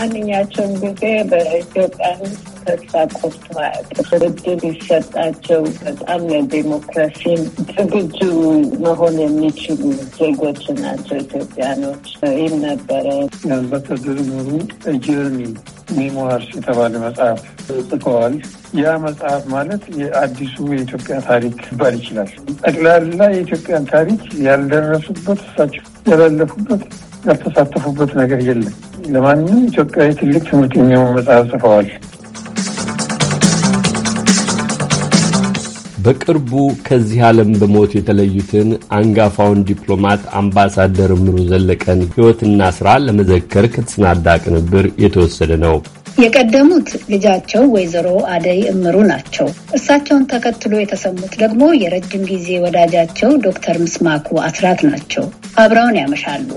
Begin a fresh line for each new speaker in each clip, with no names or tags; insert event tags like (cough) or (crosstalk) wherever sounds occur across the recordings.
በማንኛቸውም ጊዜ በኢትዮጵያ ሕዝብ ተስፋ ቆርጦ አያውቅም። እድል ይሰጣቸው። በጣም ለዲሞክራሲን ዝግጁ መሆን የሚችሉ ዜጎች ናቸው ኢትዮጵያኖች። ይህም ነበረ
ያልበት እድል ኖሩ ጀርኒ ሜሞርስ የተባለ መጽሐፍ ጽፈዋል። ያ መጽሐፍ ማለት የአዲሱ የኢትዮጵያ ታሪክ ይባል ይችላል። ጠቅላላ የኢትዮጵያን ታሪክ ያልደረሱበት እሳቸው ያላለፉበት ያልተሳተፉበት ነገር የለም። ለማንም ኢትዮጵያዊ ትልቅ ትምህርት የሚሆን መጽሐፍ ጽፈዋል።
በቅርቡ ከዚህ ዓለም በሞት የተለዩትን አንጋፋውን ዲፕሎማት አምባሳደር እምሩ ዘለቀን ሕይወትና ሥራ ለመዘከር ከተሰናዳ ቅንብር የተወሰደ ነው።
የቀደሙት ልጃቸው ወይዘሮ አደይ እምሩ ናቸው። እሳቸውን ተከትሎ የተሰሙት ደግሞ የረጅም ጊዜ ወዳጃቸው ዶክተር ምስማኩ አስራት ናቸው። አብረውን ያመሻሉ።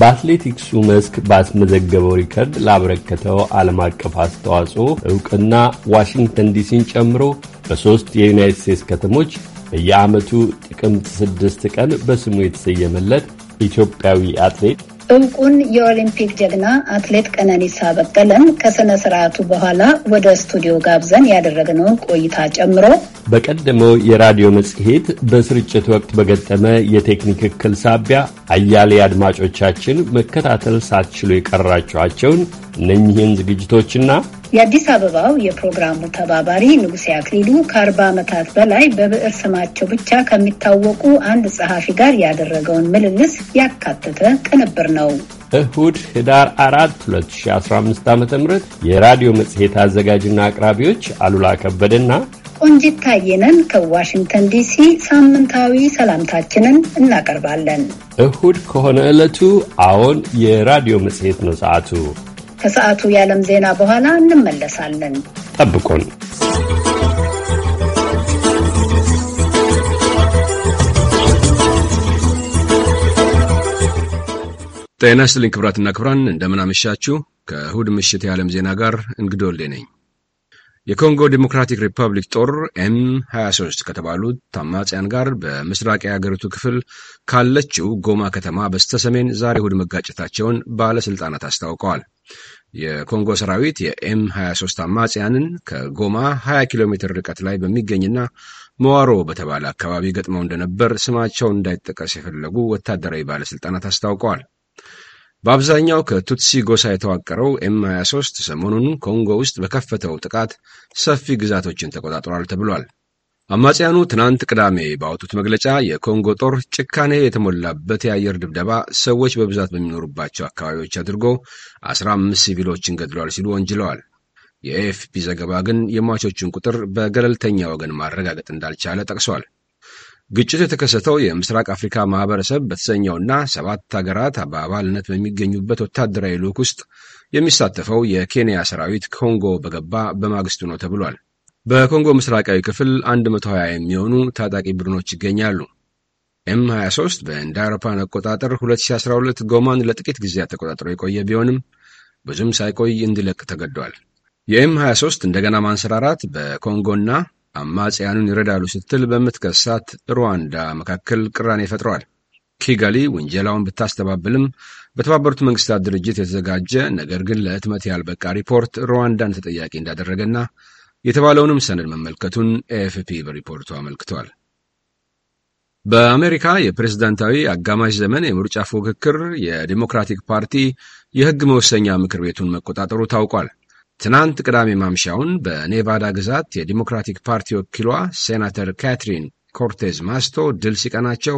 በአትሌቲክሱ መስክ ባስመዘገበው ሪከርድ ላበረከተው ዓለም አቀፍ አስተዋጽኦ እውቅና ዋሽንግተን ዲሲን ጨምሮ በሦስት የዩናይትድ ስቴትስ ከተሞች በየዓመቱ ጥቅምት ስድስት ቀን በስሙ የተሰየመለት ኢትዮጵያዊ አትሌት
እውቁን የኦሊምፒክ ጀግና አትሌት ቀነኒሳ በቀለን ከሥነ ሥርዓቱ በኋላ ወደ ስቱዲዮ ጋብዘን ያደረግነውን ቆይታ ጨምሮ
በቀደመው የራዲዮ መጽሔት በስርጭት ወቅት በገጠመ የቴክኒክ እክል ሳቢያ አያሌ አድማጮቻችን መከታተል ሳትችሉ የቀራችኋቸውን እነኚህን ዝግጅቶችና
የአዲስ አበባው የፕሮግራሙ ተባባሪ ንጉሴ አክሊሉ ከአርባ ዓመታት በላይ በብዕር ስማቸው ብቻ ከሚታወቁ አንድ ጸሐፊ ጋር ያደረገውን ምልልስ ያካተተ ቅንብር ነው።
እሁድ ህዳር አራት 2015 ዓ ም የራዲዮ መጽሔት አዘጋጅና አቅራቢዎች አሉላ ከበደና
ቆንጂት ታየነን ከዋሽንግተን ዲሲ ሳምንታዊ ሰላምታችንን እናቀርባለን።
እሁድ ከሆነ ዕለቱ አዎን፣ የራዲዮ መጽሔት ነው ሰዓቱ።
ከሰዓቱ የዓለም ዜና በኋላ እንመለሳለን።
ጠብቁን።
ጤና ይስጥልኝ ክብራትና ክብራን፣ እንደምን አመሻችሁ። ከእሁድ ምሽት የዓለም ዜና ጋር እንግዶልዴ ነኝ። የኮንጎ ዲሞክራቲክ ሪፐብሊክ ጦር ኤም 23 ከተባሉት አማጽያን ጋር በምስራቅ የአገሪቱ ክፍል ካለችው ጎማ ከተማ በስተሰሜን ዛሬ እሁድ መጋጨታቸውን ባለሥልጣናት አስታውቀዋል። የኮንጎ ሰራዊት የኤም 23 አማጽያንን ከጎማ 20 ኪሎ ሜትር ርቀት ላይ በሚገኝና መዋሮ በተባለ አካባቢ ገጥመው እንደነበር ስማቸውን እንዳይጠቀስ የፈለጉ ወታደራዊ ባለሥልጣናት አስታውቀዋል። በአብዛኛው ከቱትሲ ጎሳ የተዋቀረው ኤም 23 ሰሞኑን ኮንጎ ውስጥ በከፈተው ጥቃት ሰፊ ግዛቶችን ተቆጣጥሯል ተብሏል። አማጽያኑ ትናንት ቅዳሜ ባወጡት መግለጫ የኮንጎ ጦር ጭካኔ የተሞላበት የአየር ድብደባ ሰዎች በብዛት በሚኖሩባቸው አካባቢዎች አድርጎ 15 ሲቪሎችን ገድሏል ሲሉ ወንጅለዋል። የኤኤፍፒ ዘገባ ግን የሟቾቹን ቁጥር በገለልተኛ ወገን ማረጋገጥ እንዳልቻለ ጠቅሷል። ግጭቱ የተከሰተው የምስራቅ አፍሪካ ማህበረሰብ በተሰኘውና ሰባት ሀገራት በአባልነት በሚገኙበት ወታደራዊ ልዑክ ውስጥ የሚሳተፈው የኬንያ ሰራዊት ኮንጎ በገባ በማግስቱ ነው ተብሏል። በኮንጎ ምስራቃዊ ክፍል 120 የሚሆኑ ታጣቂ ቡድኖች ይገኛሉ። ኤም 23 በእንደ አውሮፓን አቆጣጠር 2012 ጎማን ለጥቂት ጊዜያት ተቆጣጥሮ የቆየ ቢሆንም ብዙም ሳይቆይ እንዲለቅ ተገዷል። የኤም 23 እንደገና ማንሰራራት በኮንጎና አማጽያኑን ይረዳሉ ስትል በምትከሳት ሩዋንዳ መካከል ቅራኔ ፈጥረዋል። ኪጋሊ ውንጀላውን ብታስተባብልም በተባበሩት መንግስታት ድርጅት የተዘጋጀ ነገር ግን ለህትመት ያልበቃ ሪፖርት ሩዋንዳን ተጠያቂ እንዳደረገና የተባለውንም ሰነድ መመልከቱን ኤኤፍፒ በሪፖርቱ አመልክቷል። በአሜሪካ የፕሬዝዳንታዊ አጋማሽ ዘመን የምርጫ ፉክክር የዲሞክራቲክ ፓርቲ የህግ መወሰኛ ምክር ቤቱን መቆጣጠሩ ታውቋል። ትናንት ቅዳሜ ማምሻውን በኔቫዳ ግዛት የዲሞክራቲክ ፓርቲ ወኪሏ ሴናተር ካትሪን ኮርቴዝ ማስቶ ድል ሲቀናቸው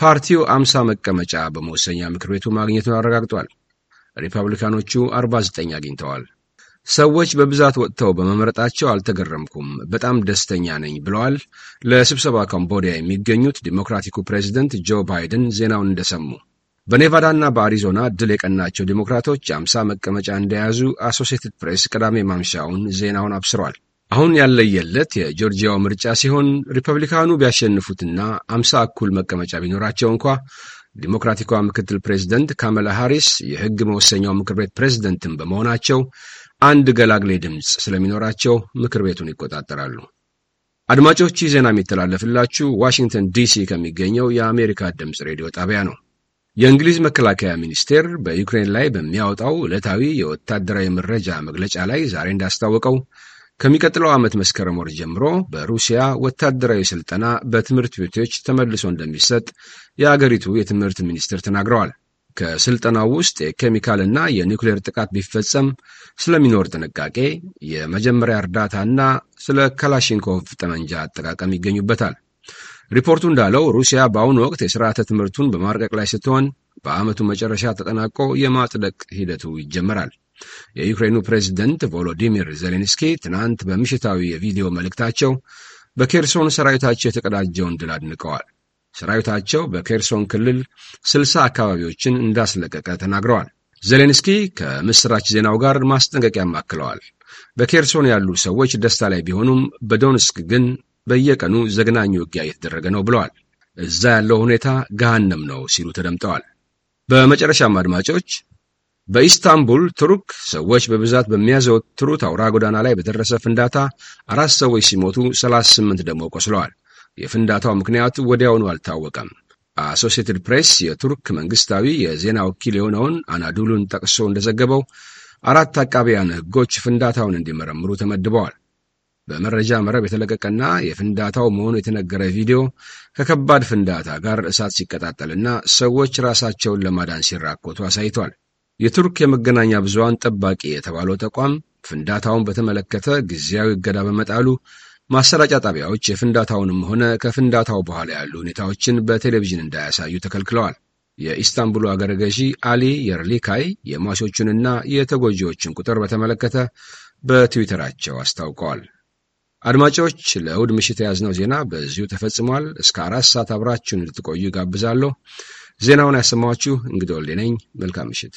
ፓርቲው አምሳ መቀመጫ በመወሰኛ ምክር ቤቱ ማግኘቱን አረጋግጧል። ሪፐብሊካኖቹ 49 አግኝተዋል። ሰዎች በብዛት ወጥተው በመምረጣቸው አልተገረምኩም፣ በጣም ደስተኛ ነኝ ብለዋል። ለስብሰባ ካምቦዲያ የሚገኙት ዲሞክራቲኩ ፕሬዚደንት ጆ ባይደን ዜናውን እንደሰሙ በኔቫዳና በአሪዞና ድል የቀናቸው ዴሞክራቶች አምሳ መቀመጫ እንደያዙ አሶሴትድ ፕሬስ ቅዳሜ ማምሻውን ዜናውን አብስሯል። አሁን ያለየለት የጆርጂያው ምርጫ ሲሆን ሪፐብሊካኑ ቢያሸንፉትና አምሳ እኩል መቀመጫ ቢኖራቸው እንኳ ዲሞክራቲኳ ምክትል ፕሬዝደንት ካመላ ሃሪስ የሕግ መወሰኛው ምክር ቤት ፕሬዝደንትን በመሆናቸው አንድ ገላግሌ ድምፅ ስለሚኖራቸው ምክር ቤቱን ይቆጣጠራሉ። አድማጮች ዜና የሚተላለፍላችሁ ዋሽንግተን ዲሲ ከሚገኘው የአሜሪካ ድምፅ ሬዲዮ ጣቢያ ነው። የእንግሊዝ መከላከያ ሚኒስቴር በዩክሬን ላይ በሚያወጣው ዕለታዊ የወታደራዊ መረጃ መግለጫ ላይ ዛሬ እንዳስታወቀው ከሚቀጥለው ዓመት መስከረም ወር ጀምሮ በሩሲያ ወታደራዊ ስልጠና በትምህርት ቤቶች ተመልሶ እንደሚሰጥ የአገሪቱ የትምህርት ሚኒስትር ተናግረዋል። ከሥልጠናው ውስጥ የኬሚካልና የኒውክሌር ጥቃት ቢፈጸም ስለሚኖር ጥንቃቄ፣ የመጀመሪያ እርዳታና ስለ ካላሽንኮቭ ጠመንጃ አጠቃቀም ይገኙበታል። ሪፖርቱ እንዳለው ሩሲያ በአሁኑ ወቅት የሥርዓተ ትምህርቱን በማርቀቅ ላይ ስትሆን በዓመቱ መጨረሻ ተጠናቆ የማጽደቅ ሂደቱ ይጀመራል። የዩክሬኑ ፕሬዚደንት ቮሎዲሚር ዜሌንስኪ ትናንት በምሽታዊ የቪዲዮ መልእክታቸው በኬርሶን ሰራዊታቸው የተቀዳጀውን ድል አድንቀዋል። ሰራዊታቸው በኬርሶን ክልል ስልሳ አካባቢዎችን እንዳስለቀቀ ተናግረዋል። ዜሌንስኪ ከምስራች ዜናው ጋር ማስጠንቀቂያም አክለዋል። በኬርሶን ያሉ ሰዎች ደስታ ላይ ቢሆኑም በዶንስክ ግን በየቀኑ ዘግናኝ ውጊያ እየተደረገ ነው ብለዋል። እዛ ያለው ሁኔታ ገሃነም ነው ሲሉ ተደምጠዋል። በመጨረሻም አድማጮች በኢስታንቡል ቱርክ ሰዎች በብዛት በሚያዘወትሩት አውራ ጎዳና ላይ በደረሰ ፍንዳታ አራት ሰዎች ሲሞቱ 38 ደግሞ ቆስለዋል። የፍንዳታው ምክንያት ወዲያውኑ አልታወቀም። አሶሲየትድ ፕሬስ የቱርክ መንግስታዊ የዜና ወኪል የሆነውን አናዱሉን ጠቅሶ እንደዘገበው አራት አቃቢያን ሕጎች ፍንዳታውን እንዲመረምሩ ተመድበዋል። በመረጃ መረብ የተለቀቀና የፍንዳታው መሆኑ የተነገረ ቪዲዮ ከከባድ ፍንዳታ ጋር እሳት ሲቀጣጠልና ሰዎች ራሳቸውን ለማዳን ሲራኮቱ አሳይቷል። የቱርክ የመገናኛ ብዙሃን ጠባቂ የተባለው ተቋም ፍንዳታውን በተመለከተ ጊዜያዊ እገዳ በመጣሉ ማሰራጫ ጣቢያዎች የፍንዳታውንም ሆነ ከፍንዳታው በኋላ ያሉ ሁኔታዎችን በቴሌቪዥን እንዳያሳዩ ተከልክለዋል። የኢስታንቡሉ አገረ ገዢ አሊ የርሊካይ የሟቾቹንና የተጎጂዎችን ቁጥር በተመለከተ በትዊተራቸው አስታውቀዋል። አድማጮች፣ ለእሁድ ምሽት የያዝነው ዜና በዚሁ ተፈጽሟል። እስከ አራት ሰዓት አብራችሁን እንድትቆዩ ጋብዛለሁ። ዜናውን ያሰማኋችሁ እንግዲህ ወልዴ ነኝ። መልካም ምሽት።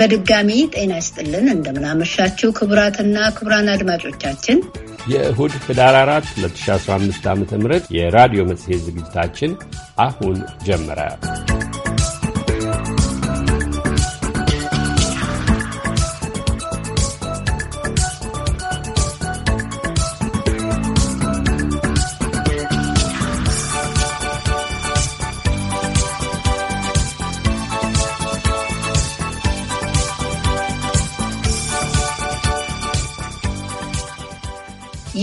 በድጋሚ ጤና ይስጥልን። እንደምናመሻችው ክቡራትና ክቡራን አድማጮቻችን
የእሁድ ህዳር 4 2015 ዓ ም የራዲዮ መጽሔት ዝግጅታችን አሁን ጀመረ።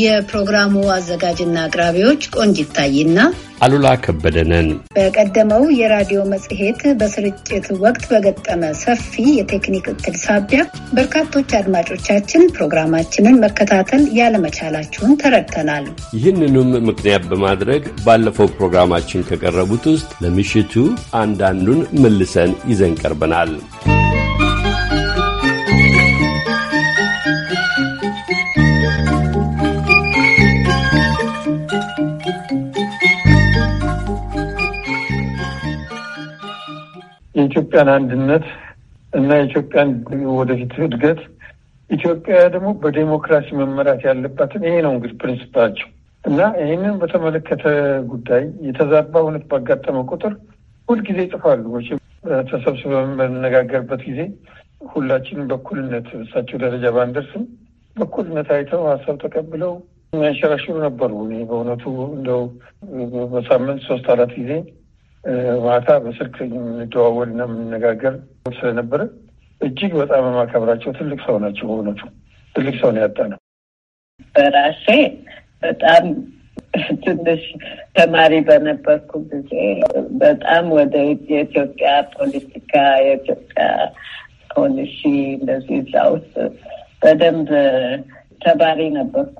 የፕሮግራሙ አዘጋጅና አቅራቢዎች ቆንጅ ይታይና
አሉላ ከበደነን።
በቀደመው የራዲዮ መጽሔት በስርጭት ወቅት በገጠመ ሰፊ የቴክኒክ እክል ሳቢያ በርካቶች አድማጮቻችን ፕሮግራማችንን መከታተል ያለመቻላችሁን ተረድተናል።
ይህንንም ምክንያት በማድረግ ባለፈው ፕሮግራማችን ከቀረቡት ውስጥ ለምሽቱ አንዳንዱን መልሰን ይዘን ቀርበናል።
የኢትዮጵያን አንድነት እና የኢትዮጵያን ወደፊት እድገት ኢትዮጵያ ደግሞ በዴሞክራሲ መመራት ያለባትን ይሄ ነው እንግዲህ ፕሪንስፓቸው እና ይህንን በተመለከተ ጉዳይ የተዛባ እውነት ባጋጠመ ቁጥር ሁልጊዜ ይጽፋሉ። ተሰብስበን በምንነጋገርበት ጊዜ ሁላችንም በኩልነት እሳቸው ደረጃ ባንደርስም በኩልነት አይተው ሀሳብ ተቀብለው የሚያንሸራሽሩ ነበሩ። እኔ በእውነቱ እንደው በሳምንት ሶስት አራት ጊዜ ማታ በስልክ እንደዋወል እና የምንነጋገር ስለነበረ እጅግ በጣም የማከብራቸው ትልቅ ሰው ናቸው። በእውነቱ ትልቅ
ሰው ነው ያጣ ነው። በራሴ በጣም ትንሽ ተማሪ በነበርኩ ጊዜ በጣም ወደ የኢትዮጵያ ፖለቲካ፣ የኢትዮጵያ ፖሊሲ እንደዚህ እዛ ውስጥ በደንብ ተባሪ ነበርኩ።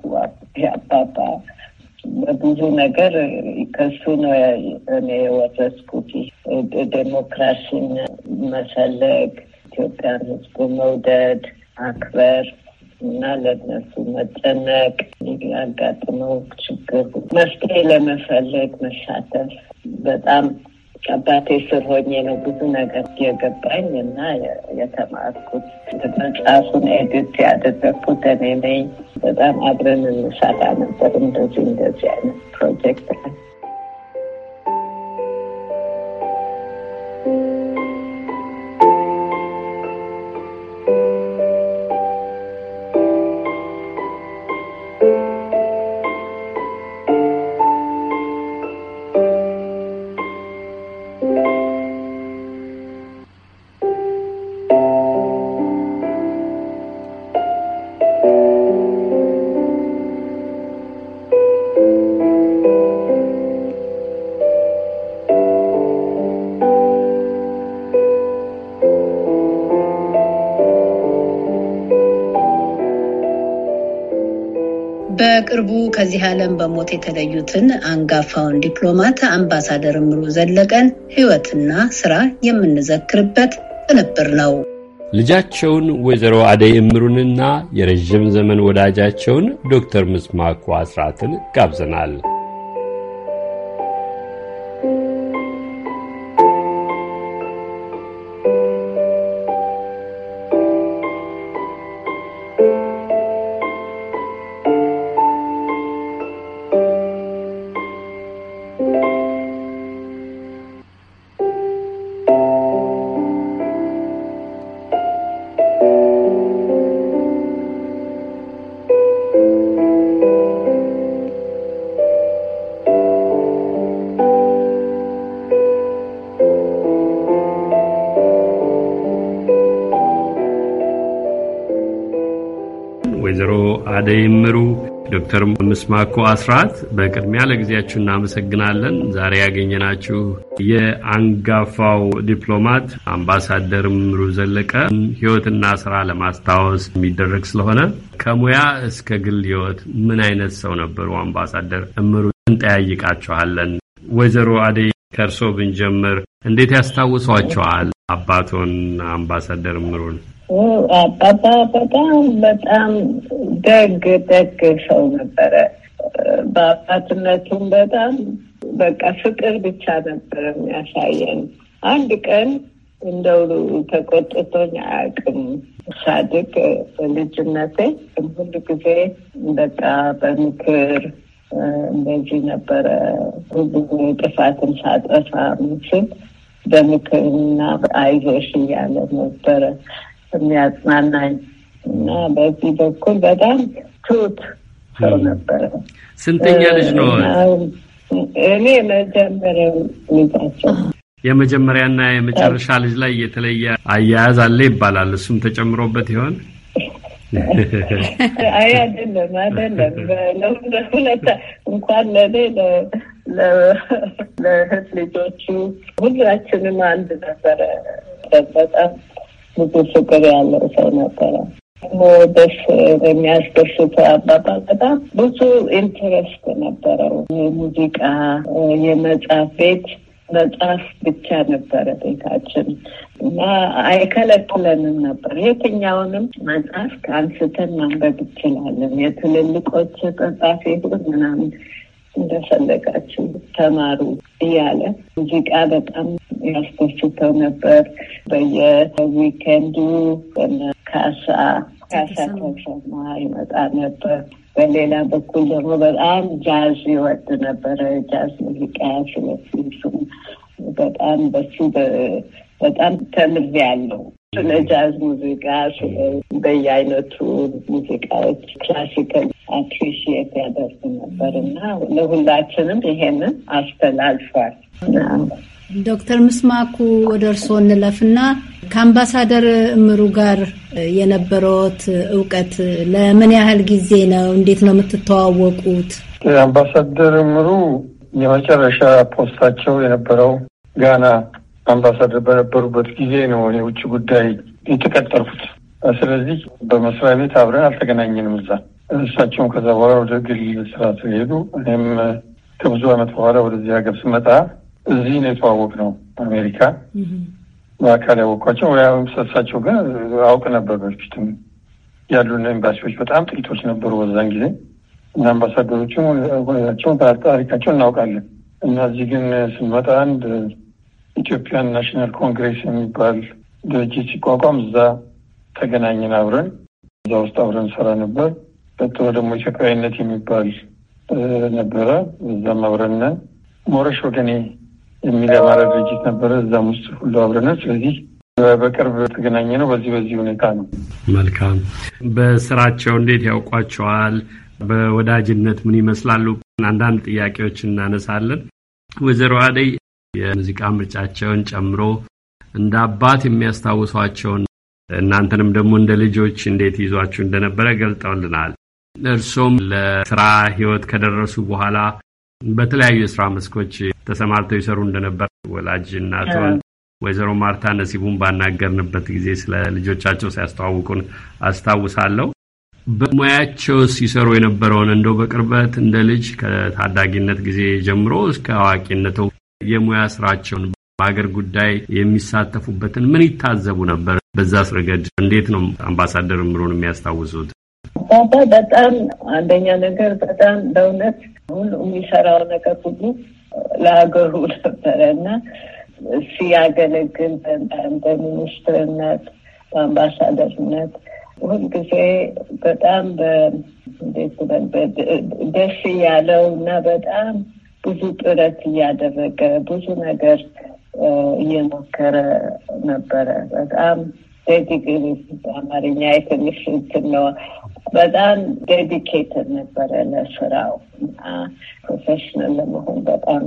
አባባ ብዙ ነገር ከሱ ነው እኔ የወረስኩት። ዴሞክራሲን መሰለግ፣ ኢትዮጵያን ህዝቡ መውደድ፣ አክበር እና ለነሱ መጨነቅ፣ ያጋጥመው ችግር መፍትሄ ለመፈለግ መሳተፍ በጣም አባቴ ስር ሆኜ ነው ብዙ ነገር የገባኝ እና የተማርኩት። መጽሐፉን ኤዲት ያደረግኩት እኔ ነኝ። በጣም አብረን እንሰራ ነበር። እንደዚህ እንደዚህ አይነት ፕሮጀክት
በቅርቡ ከዚህ ዓለም በሞት የተለዩትን አንጋፋውን ዲፕሎማት አምባሳደር ምሩ ዘለቀን ሕይወትና ስራ የምንዘክርበት ቅንብር ነው።
ልጃቸውን ወይዘሮ አደይ እምሩንና የረዥም ዘመን ወዳጃቸውን ዶክተር ምስማኩ አስራትን ጋብዘናል። ዶክተር ምስማኮ አስራት በቅድሚያ ለጊዜያችሁ እናመሰግናለን። ዛሬ ያገኘናችሁ የአንጋፋው ዲፕሎማት አምባሳደር እምሩ ዘለቀ ሕይወትና ስራ ለማስታወስ የሚደረግ ስለሆነ ከሙያ እስከ ግል ሕይወት ምን አይነት ሰው ነበሩ አምባሳደር ምሩ እንጠያይቃችኋለን። ወይዘሮ አደይ ከእርሶ ብንጀምር እንዴት ያስታውሷቸዋል አባቶን አምባሳደር እምሩን?
አባባ በጣም በጣም ደግ ደግ ሰው ነበረ። በአባትነቱም በጣም በቃ ፍቅር ብቻ ነበረ የሚያሳየን። አንድ ቀን እንደው ተቆጥቶኝ አያውቅም። ሳድግ ልጅነቴ ሁሉ ጊዜ በቃ በምክር እንደዚህ ነበረ። ሁሉ ጥፋትን ሳጠፋ ምስል በምክርና አይዞሽ እያለ ነበረ የሚያጽናናኝ እና በዚህ በኩል በጣም ትሁት ሰው ነበረ።
ስንተኛ ልጅ ነው?
እኔ መጀመሪያው ልጃቸው
የመጀመሪያና የመጨረሻ ልጅ ላይ የተለየ አያያዝ አለ ይባላል። እሱም ተጨምሮበት ይሆን?
አይ አይደለም፣ አይደለም። እንኳን ለእኔ ለእህት ልጆቹ ሁላችንም አንድ ነበረ። በጣም ብዙ ፍቅር ያለው ሰው ነበረ። ደስ የሚያስደስት አባባል በጣም ብዙ ኢንትረስት ነበረው። የሙዚቃ የመጽሐፍ ቤት መጽሐፍ ብቻ ነበረ ቤታችን እና አይከለክለንም ነበር። የትኛውንም መጽሐፍ አንስተን ማንበብ ይችላለን። የትልልቆች ተጻፊ ምናምን እንደፈለጋችሁ ተማሩ እያለ ሙዚቃ በጣም ያስፖስተው ነበር። በየዊኬንዱ ካሳ ካሳ ተሰማ ይመጣ ነበር። በሌላ በኩል ደግሞ በጣም ጃዝ ይወድ ነበረ። ጃዝ ሙዚቃ ስለሱም በጣም በሱ በጣም ተምሬያለሁ። ስለ ጃዝ ሙዚቃ፣ ስለ በየአይነቱ ሙዚቃዎች ክላሲካል አፕሪሺየት ያደርጉ ነበር እና ለሁላችንም ይሄንን አስተላልፏል።
ዶክተር ምስማኩ ወደ እርስዎ እንለፍና ከአምባሳደር እምሩ ጋር የነበረዎት እውቀት ለምን ያህል ጊዜ ነው? እንዴት ነው የምትተዋወቁት?
አምባሳደር እምሩ የመጨረሻ ፖስታቸው የነበረው ጋና አምባሳደር በነበሩበት ጊዜ ነው የውጭ ጉዳይ የተቀጠርኩት። ስለዚህ በመስሪያ ቤት አብረን አልተገናኘንም እዛ እሳቸውም ከዛ በኋላ ወደ ግል ስራ ስለሄዱ እኔም ከብዙ አመት በኋላ ወደዚህ ሀገር ስመጣ እዚህ ነው የተዋወቅ ነው አሜሪካ በአካል ያወቅኳቸው። ሰሳቸው ግን አውቅ ነበር በፊትም ያሉን ኤምባሲዎች በጣም ጥቂቶች ነበሩ በዛን ጊዜ እና አምባሳደሮችም ቸውን ታሪካቸው እናውቃለን እና እዚህ ግን ስንመጣ አንድ ኢትዮጵያን ናሽናል ኮንግሬስ የሚባል ድርጅት ሲቋቋም እዛ ተገናኝን። አብረን እዛ ውስጥ አብረን ሰራ ነበር። ቀጥሎ ደግሞ ኢትዮጵያዊነት የሚባል ነበረ። እዛም አብረነ ሞረሽ ወገኔ የሚል አማራ ድርጅት ነበረ። እዛም ውስጥ ሁሉ አብረነ ስለዚህ በቅርብ የተገናኘ ነው። በዚህ በዚህ ሁኔታ ነው።
መልካም። በስራቸው እንዴት ያውቋቸዋል? በወዳጅነት ምን ይመስላሉ? አንዳንድ ጥያቄዎችን እናነሳለን። ወይዘሮ አደይ የሙዚቃ ምርጫቸውን ጨምሮ እንደ አባት የሚያስታውሷቸውን እናንተንም ደግሞ እንደ ልጆች እንዴት ይዟችሁ እንደነበረ ገልጠውልናል። እርሶም ለስራ ህይወት ከደረሱ በኋላ በተለያዩ የስራ መስኮች ተሰማርተው ይሰሩ እንደነበር ወላጅ እናቶን ወይዘሮ ማርታ ነሲቡን ባናገርንበት ጊዜ ስለ ልጆቻቸው ሲያስተዋውቁን አስታውሳለሁ። በሙያቸው ሲሰሩ የነበረውን እንደው በቅርበት እንደ ልጅ ከታዳጊነት ጊዜ ጀምሮ እስከ አዋቂነተው የሙያ ስራቸውን በሀገር ጉዳይ የሚሳተፉበትን ምን ይታዘቡ ነበር? በዛስ ረገድ እንዴት ነው አምባሳደር እምሩን የሚያስታውሱት?
አባባ በጣም አንደኛ ነገር በጣም በእውነት ሁሉ የሚሰራው ነገር ሁሉ ለሀገሩ ነበረ እና ሲያገለግል በሚኒስትርነት፣ በአምባሳደርነት ሁልጊዜ በጣም ደስ እያለው እና በጣም ብዙ ጥረት እያደረገ ብዙ ነገር እየሞከረ ነበረ። በጣም ዴዲግ አማርኛ የትንሽ እንትን ነው በጣም ዴዲኬትድ ነበረ ለስራው እና ፕሮፌሽናል ለመሆን በጣም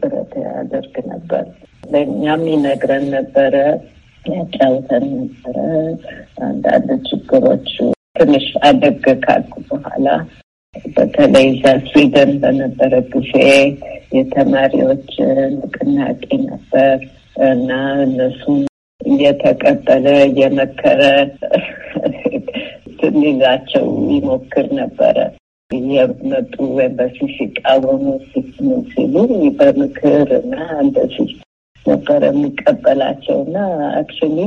ጥረት ያደርግ ነበር። ለእኛም ይነግረን ነበረ፣ ያጫውተን ነበረ። አንዳንድ ችግሮቹ ትንሽ አደግ ካልኩ በኋላ በተለይ እዛ ስዊድን በነበረ ጊዜ የተማሪዎች ንቅናቄ ነበር እና እነሱም እየተቀበለ እየመከረ ሊዛቸው ይሞክር ነበረ። የመጡ ኤምባሲ ሲቃወሙ ምን ሲሉ በምክር እና እንደዚህ ነበረ የሚቀበላቸው እና አክቹዋሊ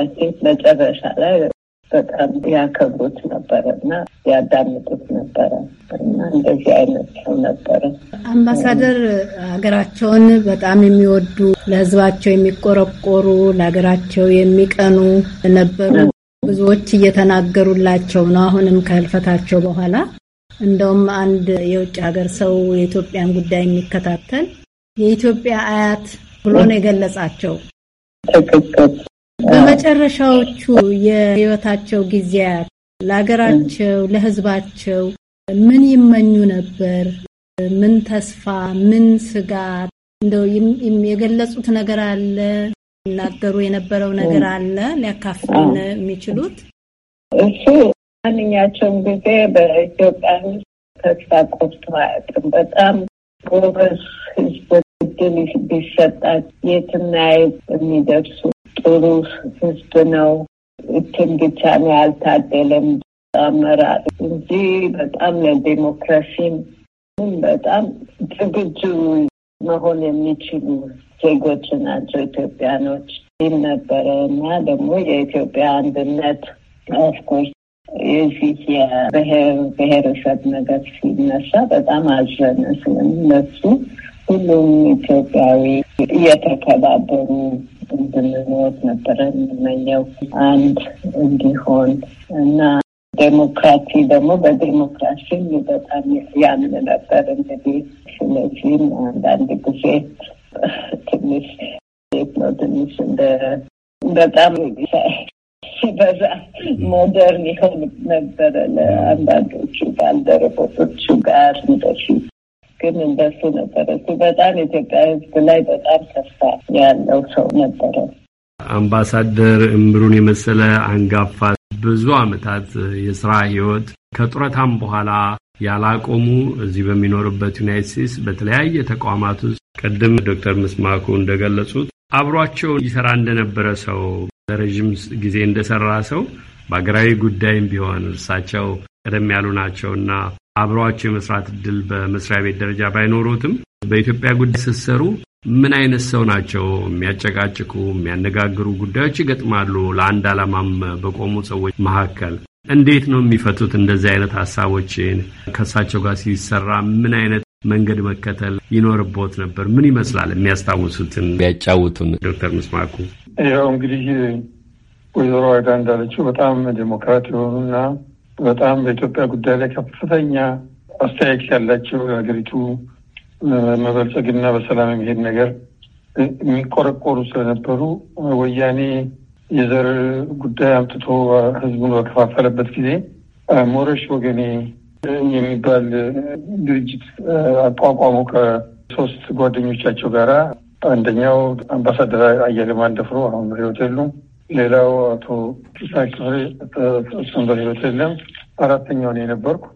አይ ቲንክ መጨረሻ ላይ በጣም ያከብሩት ነበረ እና ያዳምጡት ነበረ እና እንደዚህ አይነት ሰው ነበረ።
አምባሳደር ሀገራቸውን በጣም የሚወዱ ለህዝባቸው የሚቆረቆሩ ለሀገራቸው የሚቀኑ ነበሩ። ብዙዎች እየተናገሩላቸው ነው። አሁንም ከህልፈታቸው በኋላ እንደውም አንድ የውጭ ሀገር ሰው የኢትዮጵያን ጉዳይ የሚከታተል የኢትዮጵያ አያት ብሎ ነው የገለጻቸው። በመጨረሻዎቹ የህይወታቸው ጊዜያት ለሀገራቸው፣ ለህዝባቸው ምን ይመኙ ነበር? ምን ተስፋ፣ ምን ስጋት እንደው የገለጹት ነገር አለ? ይናገሩ የነበረው ነገር
አለ ሊያካፍል የሚችሉት? እሱ ማንኛቸውም ጊዜ በኢትዮጵያ ውስጥ ተስፋ ቆርጦ አያውቅም። በጣም ጎበዝ ህዝብ እድል ቢሰጣት የትና የት የሚደርሱ ጥሩ ህዝብ ነው። እትን ብቻ ነው ያልታደለም አመራር እንጂ በጣም ለዴሞክራሲም በጣም ዝግጁ መሆን የሚችሉ ዜጎች ናቸው ኢትዮጵያኖች ይል ነበረ እና ደግሞ የኢትዮጵያ አንድነት ኦፍኮርስ የዚህ የብሔር ብሔረሰብ ነገር ሲነሳ በጣም አዘነ። ስለነሱ ሁሉም ኢትዮጵያዊ እየተከባበሩ እንድንኖር ነበረ የምመኘው አንድ እንዲሆን እና ዴሞክራሲ ደግሞ በዴሞክራሲ በጣም ያምን ነበር እንግዲህ ስለዚህም አንዳንድ ጊዜ ትንሽ ነው ትንሽ እንደ በጣም ሲበዛ ሞደርን ነበረ ለአንዳንዶቹ ጋር ግን እንደሱ ነበረ። በጣም ኢትዮጵያ ሕዝብ ላይ በጣም ተስፋ ያለው ሰው ነበረ።
አምባሳደር እምሩን የመሰለ አንጋፋ ብዙ ዓመታት የስራ ህይወት ከጡረታም በኋላ ያላቆሙ እዚህ በሚኖርበት ዩናይት ስቴትስ በተለያየ ተቋማት ውስጥ ቅድም ዶክተር ምስማኩ እንደገለጹት አብሯቸው ይሰራ እንደነበረ ሰው ለረዥም ጊዜ እንደሰራ ሰው በሀገራዊ ጉዳይም ቢሆን እርሳቸው ቀደም ያሉ ናቸውና አብሯቸው የመስራት እድል በመስሪያ ቤት ደረጃ ባይኖሩትም በኢትዮጵያ ጉዳይ ስትሰሩ ምን አይነት ሰው ናቸው? የሚያጨቃጭቁ የሚያነጋግሩ ጉዳዮች ይገጥማሉ። ለአንድ ዓላማም በቆሙ ሰዎች መካከል እንዴት ነው የሚፈቱት? እንደዚህ አይነት ሀሳቦችን ከእሳቸው ጋር ሲሰራ ምን አይነት መንገድ መከተል ይኖርቦት ነበር? ምን ይመስላል? የሚያስታውሱትን ያጫውቱን ዶክተር ምስማኩ
ያው እንግዲህ ወይዘሮ ዋጋ እንዳለችው በጣም ዴሞክራት የሆኑና በጣም በኢትዮጵያ ጉዳይ ላይ ከፍተኛ አስተያየት ያላቸው የሀገሪቱ መበልጸግና በሰላም የሚሄድ ነገር የሚቆረቆሩ ስለነበሩ ወያኔ የዘር ጉዳይ አምጥቶ ህዝቡን በከፋፈለበት ጊዜ ሞረሽ ወገኔ የሚባል ድርጅት አቋቋሙ ከሶስት ጓደኞቻቸው ጋራ። አንደኛው አምባሳደር አየለ ማንደፍሮ አሁን በህይወት የሉም። ሌላው አቶ ሳክሬ እሱም በህይወት የለም። አራተኛውን የነበርኩ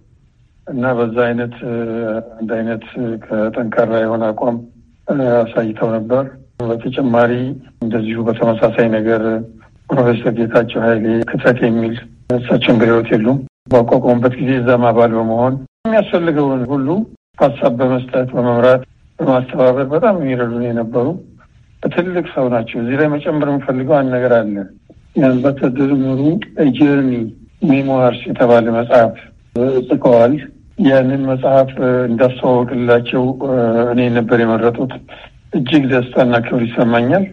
እና በዛ አይነት አንድ አይነት ከጠንካራ የሆነ አቋም አሳይተው ነበር። በተጨማሪ እንደዚሁ በተመሳሳይ ነገር ፕሮፌሰር ጌታቸው ኃይሌ ክተት የሚል እሳቸው እንግዲህ የሉም ባቋቋሙበት ጊዜ እዛም አባል በመሆን የሚያስፈልገውን ሁሉ ሀሳብ በመስጠት በመምራት በማስተባበር በጣም የሚረዱን የነበሩ ትልቅ ሰው ናቸው። እዚህ ላይ መጨመር የምፈልገው አንድ ነገር አለ። የአምባሳደር ኑሩ ሜሞርስ የተባለ መጽሐፍ ጽፈዋል። ያንን መጽሐፍ እንዳስተዋወቅላቸው እኔ ነበር የመረጡት። እጅግ ደስታና ክብር ይሰማኛል።